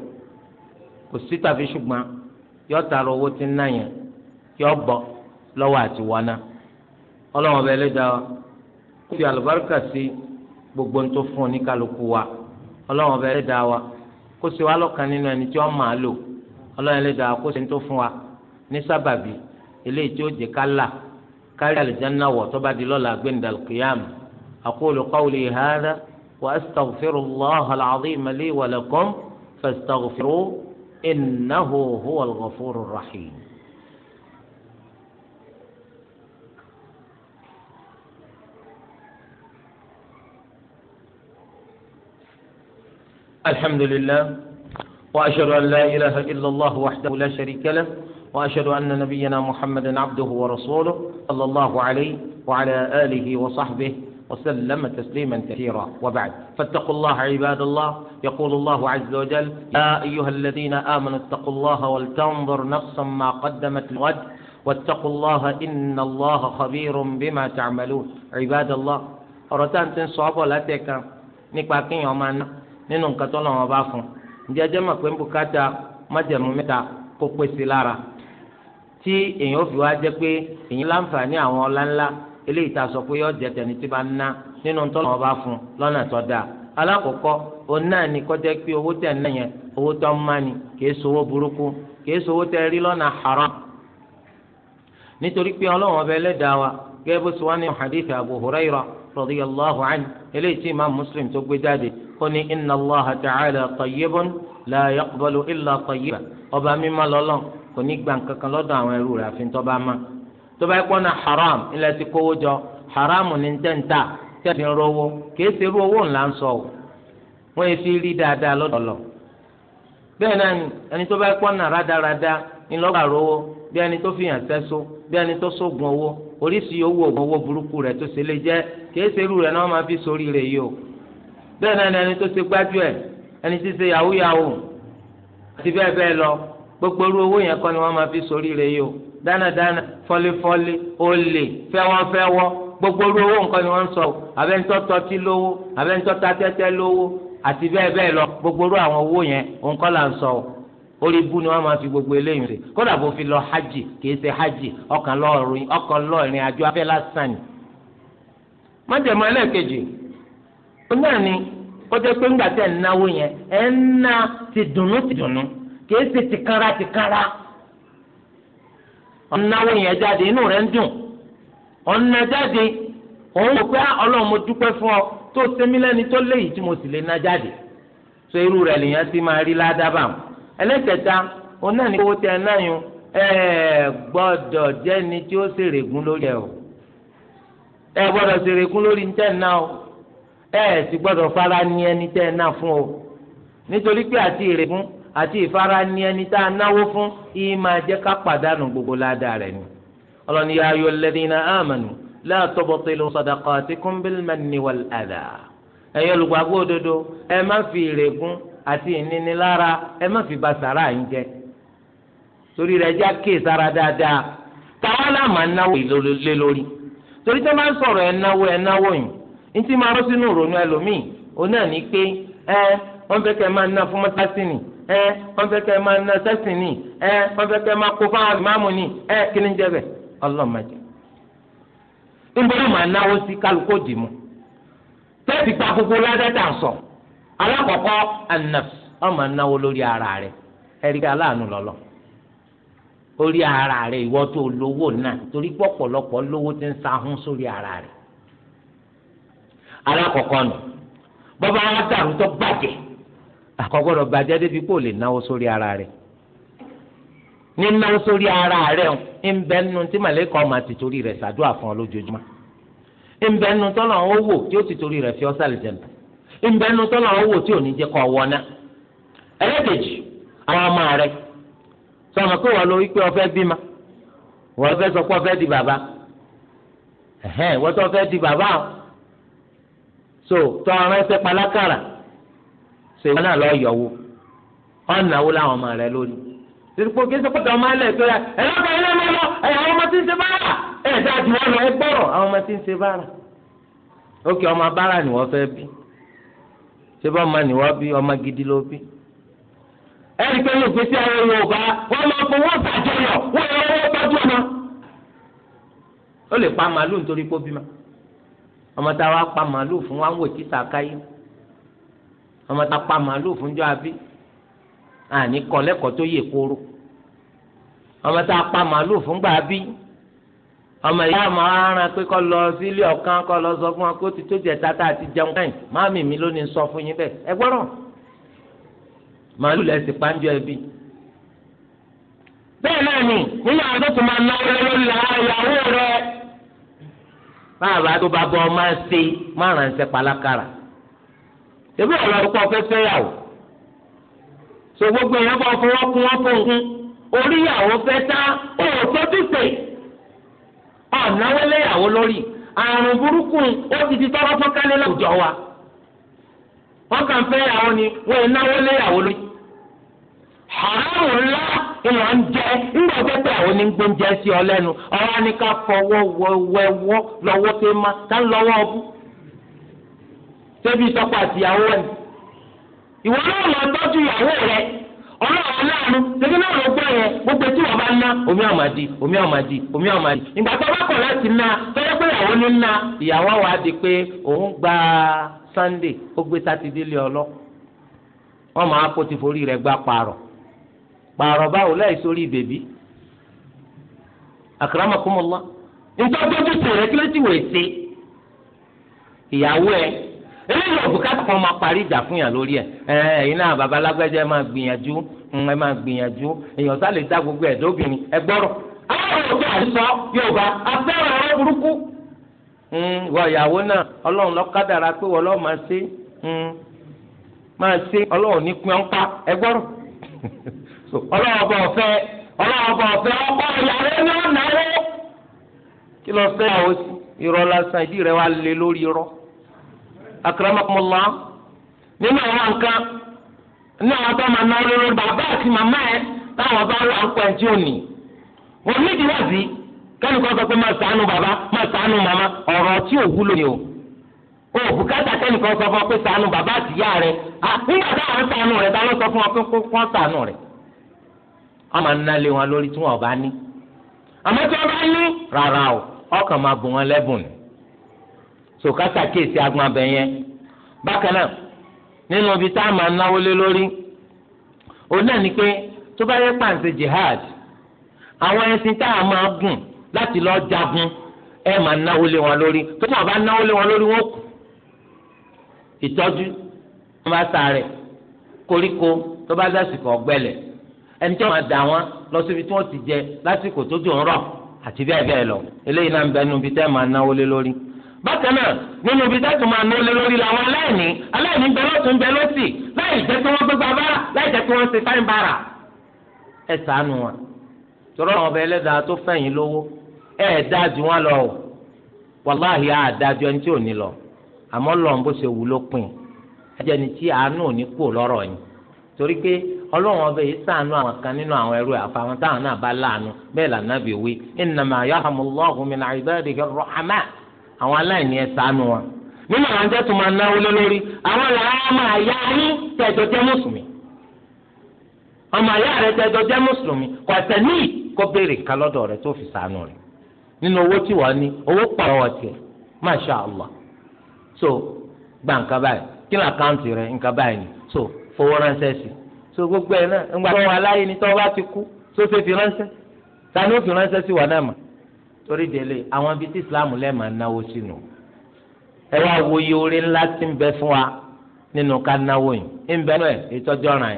kò sí tàbí ṣùgbọ́n yọ tààrà owó tí ń ná yẹn yọ bọ́ lọ́wọ́ àtiwọ náà ọlọ́run ọba ẹlẹ́dàá kó fi àlùbáríkà sí gbogbo ń tó fún ní kálukú wa ọlọ́run ọba ẹlẹ́dàá wa kó ṣe wá lọ́kàn nínú ẹni tí wọ́n máa lò ọlọ́run ẹlẹ́dàá kó ṣe ń tó fún wa ní sábàbí eléyìí tí ó jẹ́ kálá kárí alìjáná wọ̀ tó bá di lọ́la gbẹ̀ndà kìyàm aqulu qawli hadha wa astaghfirullaha al-azima li wa lakum fastaghfiru innahu huwa al-ghafuru rahim. الحمد لله واشهد ان لا اله الا الله وحده لا شريك له وأشهد أن نبينا محمدا عبده ورسوله صلى الله عليه وعلى آله وصحبه وسلم تسليما كثيرا وبعد فاتقوا الله عباد الله يقول الله عز وجل يا أيها الذين آمنوا اتقوا الله ولتنظر نفسا ما قدمت الغد واتقوا الله إن الله خبير بما تعملون عباد الله أرتان تنصابوا لا تكا نكبا يومان ننون كتولا وبافون جاجما كوين بكاتا مجمو tí èèyàn ó fi wá jẹ́ pé èèyàn láǹfààní àwọn ọlá ńlá eléyìí tá a sọ pé yọ jẹ tẹni tí bá ń ná nínú tọ́lọ́ wọn bá fún lọ́nà tó dáa alákọ̀ọ́kọ́ òun náà ni kọjá pé owó tẹ̀ ń náà yẹn owó tó ń mání kìí sowó burúkú kìí sowó tẹ rí lọ́nà haram nítorí pé ọlọ́wọ́n ọba ẹlẹ́dàá wa gẹ́gẹ́ bó ti wá ní hadith Abu Huraira radiyallahu anhu eléyìí tí imaam Muslim tó gbé jáde ó ní inna Allaha ta'ala tayyibun la yaqbalu illa tayyiba ọba mímọ́ lọ́lọ́n kò ní gbà kankan lọ́dọ̀ àwọn ẹrú rẹ̀ àfi tó bá má tó bá na haram ilẹ̀ ti kówó jọ haram ni ń rówó kìí ṣe owó ńlá ń sọ fi rí dáadáa lọ́dọ̀ lọ. bẹ́ẹ̀ náà ni ẹni tó bá na rádaràda ńlọ́gbà rówó bí ẹni tó fìyàn sẹ́so bí ẹni tó sógun owó oríṣi owó ògùn owó burúkú rẹ̀ tó ṣe lè jẹ́ kìí ṣe irú rẹ̀ náà máa fi sórí rẹ̀ yìí o bẹ́ẹ̀ náà ni ẹni tó gbájú gbogbo irú owó yẹn kọ́ ni wọ́n máa fi sórí rẹ̀ yìí o dánadáná fọ́lífọ́lí olè fẹ́wọ́fẹ́wọ́ gbogbo irú owó nǹkan ni wọ́n ń sọ o abẹ́ńtọ́ lówó abẹ́ńtọ́ lówó àti bẹ́ẹ̀ lọ gbogbo irú àwọn owó yẹn nǹkan là ń sọ o ni wọ́n máa fi gbogbo eléyìí rè kódà bó fi lọ hajj kìí ṣe hajj ọkàn lọ́ọ̀rin ọkàn lọ́ọ̀rin àjọ afẹ́ lásán ni. májèmọ́ ẹlẹ́ẹ̀kejì ó náà ni ó jẹ́ pé ńgbà tẹ̀ náwó yẹn kìí ṣe tìkanra tìkanra ọ̀nàwó yẹn jáde inú rẹ̀ ń dùn ọ̀nà jáde òun wò pé ah, ọlọ́run mo dúpẹ́ fún ọ tó sẹ́mi lẹ́ni tó léyìí tí mo sì lè na jáde so irú rẹ̀ lèyàn ti máa rí ládàbà ẹlẹ́kẹta òun náà ní owó tẹ ẹ náà yun ẹ gbọ́dọ̀ jẹ́ni tí ó ṣèrègùn lórí ẹ o ẹ gbọ́dọ̀ ṣèrègùn lórí tẹ́ ẹ náà o ẹ sì gbọ́dọ̀ fara ní ẹni tẹ́ ẹ náà fún o nítorí pé àti ìrègùn àti ìfarani ẹni tá a náwó fún yìí máa jẹ́ ká pàdánù gbogbo ládàá rẹ̀ ni ọlọ́ni yà á yọ lẹ́dínà àmàlù láàtọ́bọ̀tò ìlú sọ̀dàkọ̀ àti kúńbílmẹ́ni wà ládà ẹ̀yin olùgbàgbọ́ òdodo ẹ má fi ìrègùn àti ìnínilára ẹ má fi ba sàrà ń jẹ torí rẹ̀ já kéè sára dáadáa táwọn náà máa náwó lé lórí torí tẹ́ máa ń sọ̀rọ̀ ẹ̀ náwó ẹ̀ náwó yìí ntí máa rọ́ ẹ wọ́n fẹ́ ẹ máa na sẹ́sìn ni ẹ wọ́n fẹ́ kẹ́ ẹ máa kó fáwọn ìmáàmù ni ẹ kí ni jẹ́ bẹ́ẹ̀ ọlọ́mọdé nítorí náwó sí kálukó dì mú tẹ́sí gba gbogbo sọ náwó lórí ara rẹ ẹ̀rí ká aláàánú orí ara rẹ ìwọ tó lówó náà torí lówó ti ń sórí ara àkọ́gbọ́dọ̀ bàjẹ́ débi kó lè náwó sórí ara rẹ̀ ní náwó sórí ara rẹ̀ ń bẹ nínú tí màlẹ́kọ̀ ọmọ àti torí rẹ̀ ṣàdúrà fún ọ lójoojúmọ́ ń bẹ nínú tọ́lọ̀ ó wò tí ó ti torí rẹ̀ fi ọ́ sàlẹ̀ jẹ̀nà ń bẹ nínú tọ́lọ̀ ó wò tí ò ní jẹ́ kọ́ wọ ná ẹlẹ́dẹ̀jì àwọn ọmọ rẹ̀ sọmọ pé wọ́n lo wípé ọ fẹ́ bímọ wọ́n fẹ́ sọ pé ọ fẹ́ di bàbá ẹ̀hẹ́n wọ́n ṣe wọn náà lọ yọwọ ọ̀nà wo làwọn ọmọ rẹ lónìí tìrìpọ̀ kí n sọ pé ọ̀dọ̀ ọmọ alẹ́ ìpẹ́rẹ́ ẹ̀rọ ọmọ ilé ọmọ lọ ẹ̀yà àwọn ọmọ tí ń ṣe bára ẹ̀ dá ju ọ̀nà ẹ gbọ́rọ̀ àwọn ọmọ tí ń ṣe bára ókè ọmọ bára ni wọ́n fẹ́ bí ṣé bá ọmọ ni wọ́n bí ọmọ gidi ló bí. ẹnì pé ní ìgbésí ayé Yorùbá wọn máa fowó ṣàjọyọ̀ wọn lọ wọ́n tọ́jú ọmọ. ó lè pa màálù nítorí pé ó bímọ ọmọ táwa pa màálù fún wa ń wò ọmọ tá a pa màálù fúnjọ́ abí àní kọ́lẹ́kọ̀ọ́ tó yẹ kóró ọmọ tá a pa màálù fúngbà abí ọmọ ìyá àmọ́ aràn pé kọ́ lọ sílé ọ̀kan kọ́ lọ sọ fún wa kó ti tó jẹ tata àti jẹun káyìn máàmì mi ló ní sọ fún yín bẹ́ẹ̀ ẹ gbọ́rọ̀ màálù lẹ́sìn pàǹjọ́ ẹbí bẹ́ẹ̀ náà ni nínú àwọn tó tún máa náwó lórí àwọn ìyàwó rẹ̀ báwa tó bá bọ́ ọ máa ṣe máa ránṣẹ́ pàlákàrà ṣèbí ọ̀rọ̀ ọ̀pọ̀ fẹ́ fẹ́yàwó so gbogbo èèyàn bá fọwọ́ kún wọ́n fún un orí ìyàwó fẹ́ tá òòtọ́ tùsè ọ̀náwó léyàwó lórí àrùn burúkú ó ti di tọ́wọ́ fọ́nkálẹ́ láwùjọ wa wọ́n kàn fẹ́yàwó ni wọ́n ìnáwó léyàwó lórí haramu ńlá ìwà ń jẹ ńgbà àwọn sí ọ lẹ́nu ọ̀rọ̀ ni ká fọwọ́ lọ́wọ́ ṣebí sọ́kọ àti ìyàwó ẹ̀ ìwọ náà lọ tọ́jú ìyàwó rẹ ọlọ́run aláàánú ṣebí náà ló gbọ́ yẹn gbogbo tí wọ́n bá ná omi àmàdì omi àmàdì omi àmàdì ìgbà tó bá kọ̀ láti ná tọ́jú pé ìyàwó ní ná ìyàwó wa di pé òun gba ó ọlọ máa kó rẹ gba pààrọ̀ pààrọ̀ báwo láì sórí bèbí tó eléyìí òbúkátà kan máa parí ìjà fún yàn lórí ẹ̀ ẹ̀yin náà bàbá alágbẹ́jẹ́ máa gbìyànjú ẹ máa gbìyànjú èèyàn sá lè dá gbogbo ẹ̀dọ́ obìnrin ẹ àwọn òbí yorùbá afẹ́ràn hmm, náà ọlọ́run pé máa hmm, ọ̀fẹ́ ọ̀fẹ́ ọkọ akramakumullah nínú àwọn nǹkan ní àwọn tó máa náwó lórí bàbá àti màmá ẹ táwọn bá wà ń pẹ́ntì òní wọn nídìí wá sí kẹ́ni kan sọ pé máa sànù bàbá máa sànù màmá ọ̀rọ̀ tí ò wúlò ni o o bùkátà kẹ́ni kan sọ fún ọ pé sànù bàbá àti ìyá rẹ nígbà táwọn sànù rẹ táwọn sọ fún ọ pé kó kọ́ sànù rẹ wọn máa ná lé wọn lórí tí wọn ò bá ní àmọ́ tí wọn bá ní rárá o ọkàn máa bù wọn lẹ́bùn ni sòkátà kéèsì agbọn abẹ yẹn bákan náà nínú ibi tá a máa náwó lé lórí òun náà ni pé tó bá yẹ pàǹsẹ jihad àwọn ẹṣin tá a máa gùn láti lọ jagun ẹ máa náwó lé wọn lórí tó bá bá náwó lé wọn lórí wọn kù ìtọ́jú wọn bá sáré koríko tó bá dásìkò ọ̀gbẹ́lẹ̀ ẹni tí wọn dà wọn lọ síbi tí wọn ti jẹ lásìkò tó dùn rọ àti bẹ́ẹ̀ bẹ́ẹ̀ lọ eléyìí náà ń bẹnu ibi tẹ́ máa náwó lé lórí bákan náà nínú ibi tẹ́tù máa nólé lórí làwọn aláìní aláìní bẹ lọ́tún bẹ lọ́sì láì jẹ́ kí wọ́n láì jẹ́ kí wọ́n ṣe fáìn ẹ wọn tọrọ àwọn ọba ẹlẹ́dàá tó fẹ̀yìn lówó ẹ ẹ̀ ju wọn lọ o wàláhì á ju pin ni tí àánú ò ní torí pé yìí àwọn kan nínú àwọn ẹrú àfàwọn táwọn náà bá láàánú àwọn aláìní ẹ ṣàánú wọn nínú àwọn tẹ́tù máa náwó lé àwọn làwọn máa yá mùsùlùmí ọmọ ayá rẹ tẹjọ jẹ́ mùsùlùmí kò ẹsẹ ní béèrè nǹkan rẹ tó fi sànù rẹ nínú owó tí ní owó pàrọwọ masha allah so gba nǹkan báyìí kí ni àkáǹtì rẹ báyìí ni so fowó ránṣẹ́ sí so gbogbo torí délé àwọn ibi tí islam lẹ́ẹ̀ma náwó sínú ẹ wá wo iye orí ńlá ti ń bẹ fún wa nínú ká náwó yìí ń bẹ nù ẹ ìtọ́jú ọ̀ràn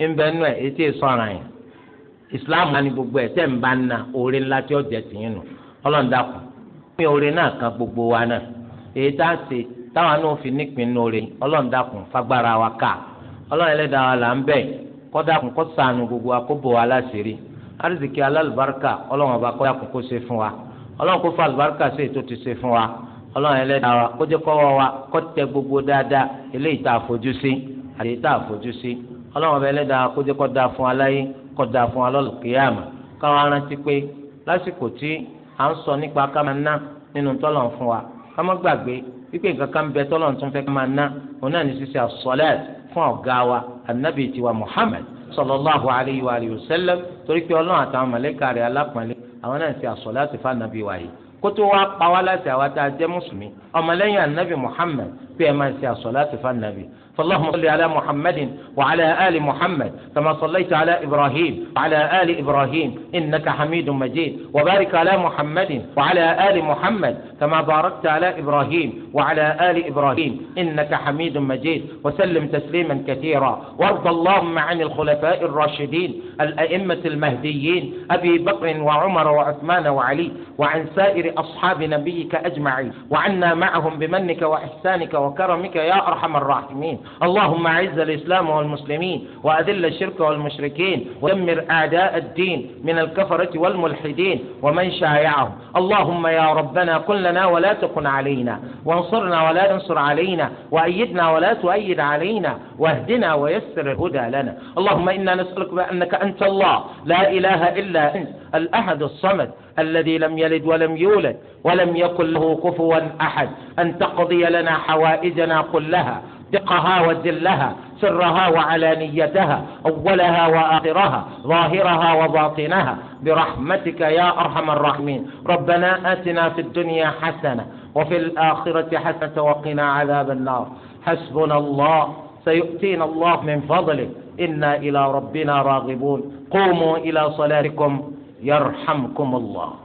yìí ń bẹ nù ẹ etí yìí gbogbo ẹ tẹ́ ń bá na orí ńlá tí ó jẹ tìyín nù ọlọ́ọ̀dàkùn pín gbogbo wa náà èyí tá a ṣe táwọn náà fi nípìn orí fagbára wa ká ọlọ́run ẹlẹ́dàá là gbogbo wa láṣìírí alálùbáríkà ọlọ́run ọba ọlọ́run kó fa àlùbáríkà sí ètò ti ṣe fún wa ọlọ́run ẹlẹ́dàá wa kó jẹ́ kọ́wọ́ wa kó tẹ gbogbo dáadáa eléyìí tá a fojú sí àti tá a fojú sí ọlọ́run ọba ẹlẹ́dàá wa kó jẹ́ kó dáa fún aláyé kó dáa fún alọ́lù kìyàmà káwọn arántí pé lásìkò tí à ń sọ nípa ká máa ná nínú tọ́lọ̀ fún wa ká má gbàgbé wípé nǹkan kan bẹ tọ́lọ̀ tún fẹ́ ká máa ná òun náà ní sísè àsọlẹ́t fún ọ̀gá wa ànábì tiwa Muhammad sallallahu alayhi wa sallam torí pé ọlọ́run àtàwọn mọ̀lẹ́kà rẹ̀ alápọ̀nlé àwọn náà ṣe àsọ̀láàtì fún anabi wa yìí kótó wa pa wá láti àwa tá a jẹ́ mùsùlùmí ọmọlẹ́yìn anabi muhammed pé ẹ máa ṣe àsọ̀láàtì fún anabi فاللهم صل على محمد وعلى آل محمد كما صليت على إبراهيم وعلى آل إبراهيم إنك حميد مجيد وبارك على محمد وعلى آل محمد كما باركت على إبراهيم وعلى آل إبراهيم إنك حميد مجيد وسلم تسليما كثيرا وارض اللهم عن الخلفاء الراشدين الأئمة المهديين أبي بكر وعمر وعثمان وعلي وعن سائر أصحاب نبيك أجمعين وعنا معهم بمنك وإحسانك وكرمك يا أرحم الراحمين اللهم أعز الإسلام والمسلمين وأذل الشرك والمشركين ودمر أعداء الدين من الكفرة والملحدين ومن شايعهم اللهم يا ربنا كن لنا ولا تكن علينا وانصرنا ولا تنصر علينا وأيدنا ولا تؤيد علينا واهدنا ويسر الهدى لنا اللهم إنا نسألك بأنك أنت الله لا إله إلا أنت الأحد الصمد الذي لم يلد ولم يولد ولم يكن له كفوا أحد أن تقضي لنا حوائجنا كلها دقها وذلها سرها وعلانيتها أولها وآخرها ظاهرها وباطنها برحمتك يا أرحم الراحمين ربنا آتنا في الدنيا حسنة وفي الآخرة حسنة وقنا عذاب النار حسبنا الله سيؤتينا الله من فضله إنا إلى ربنا راغبون قوموا إلى صلاتكم يرحمكم الله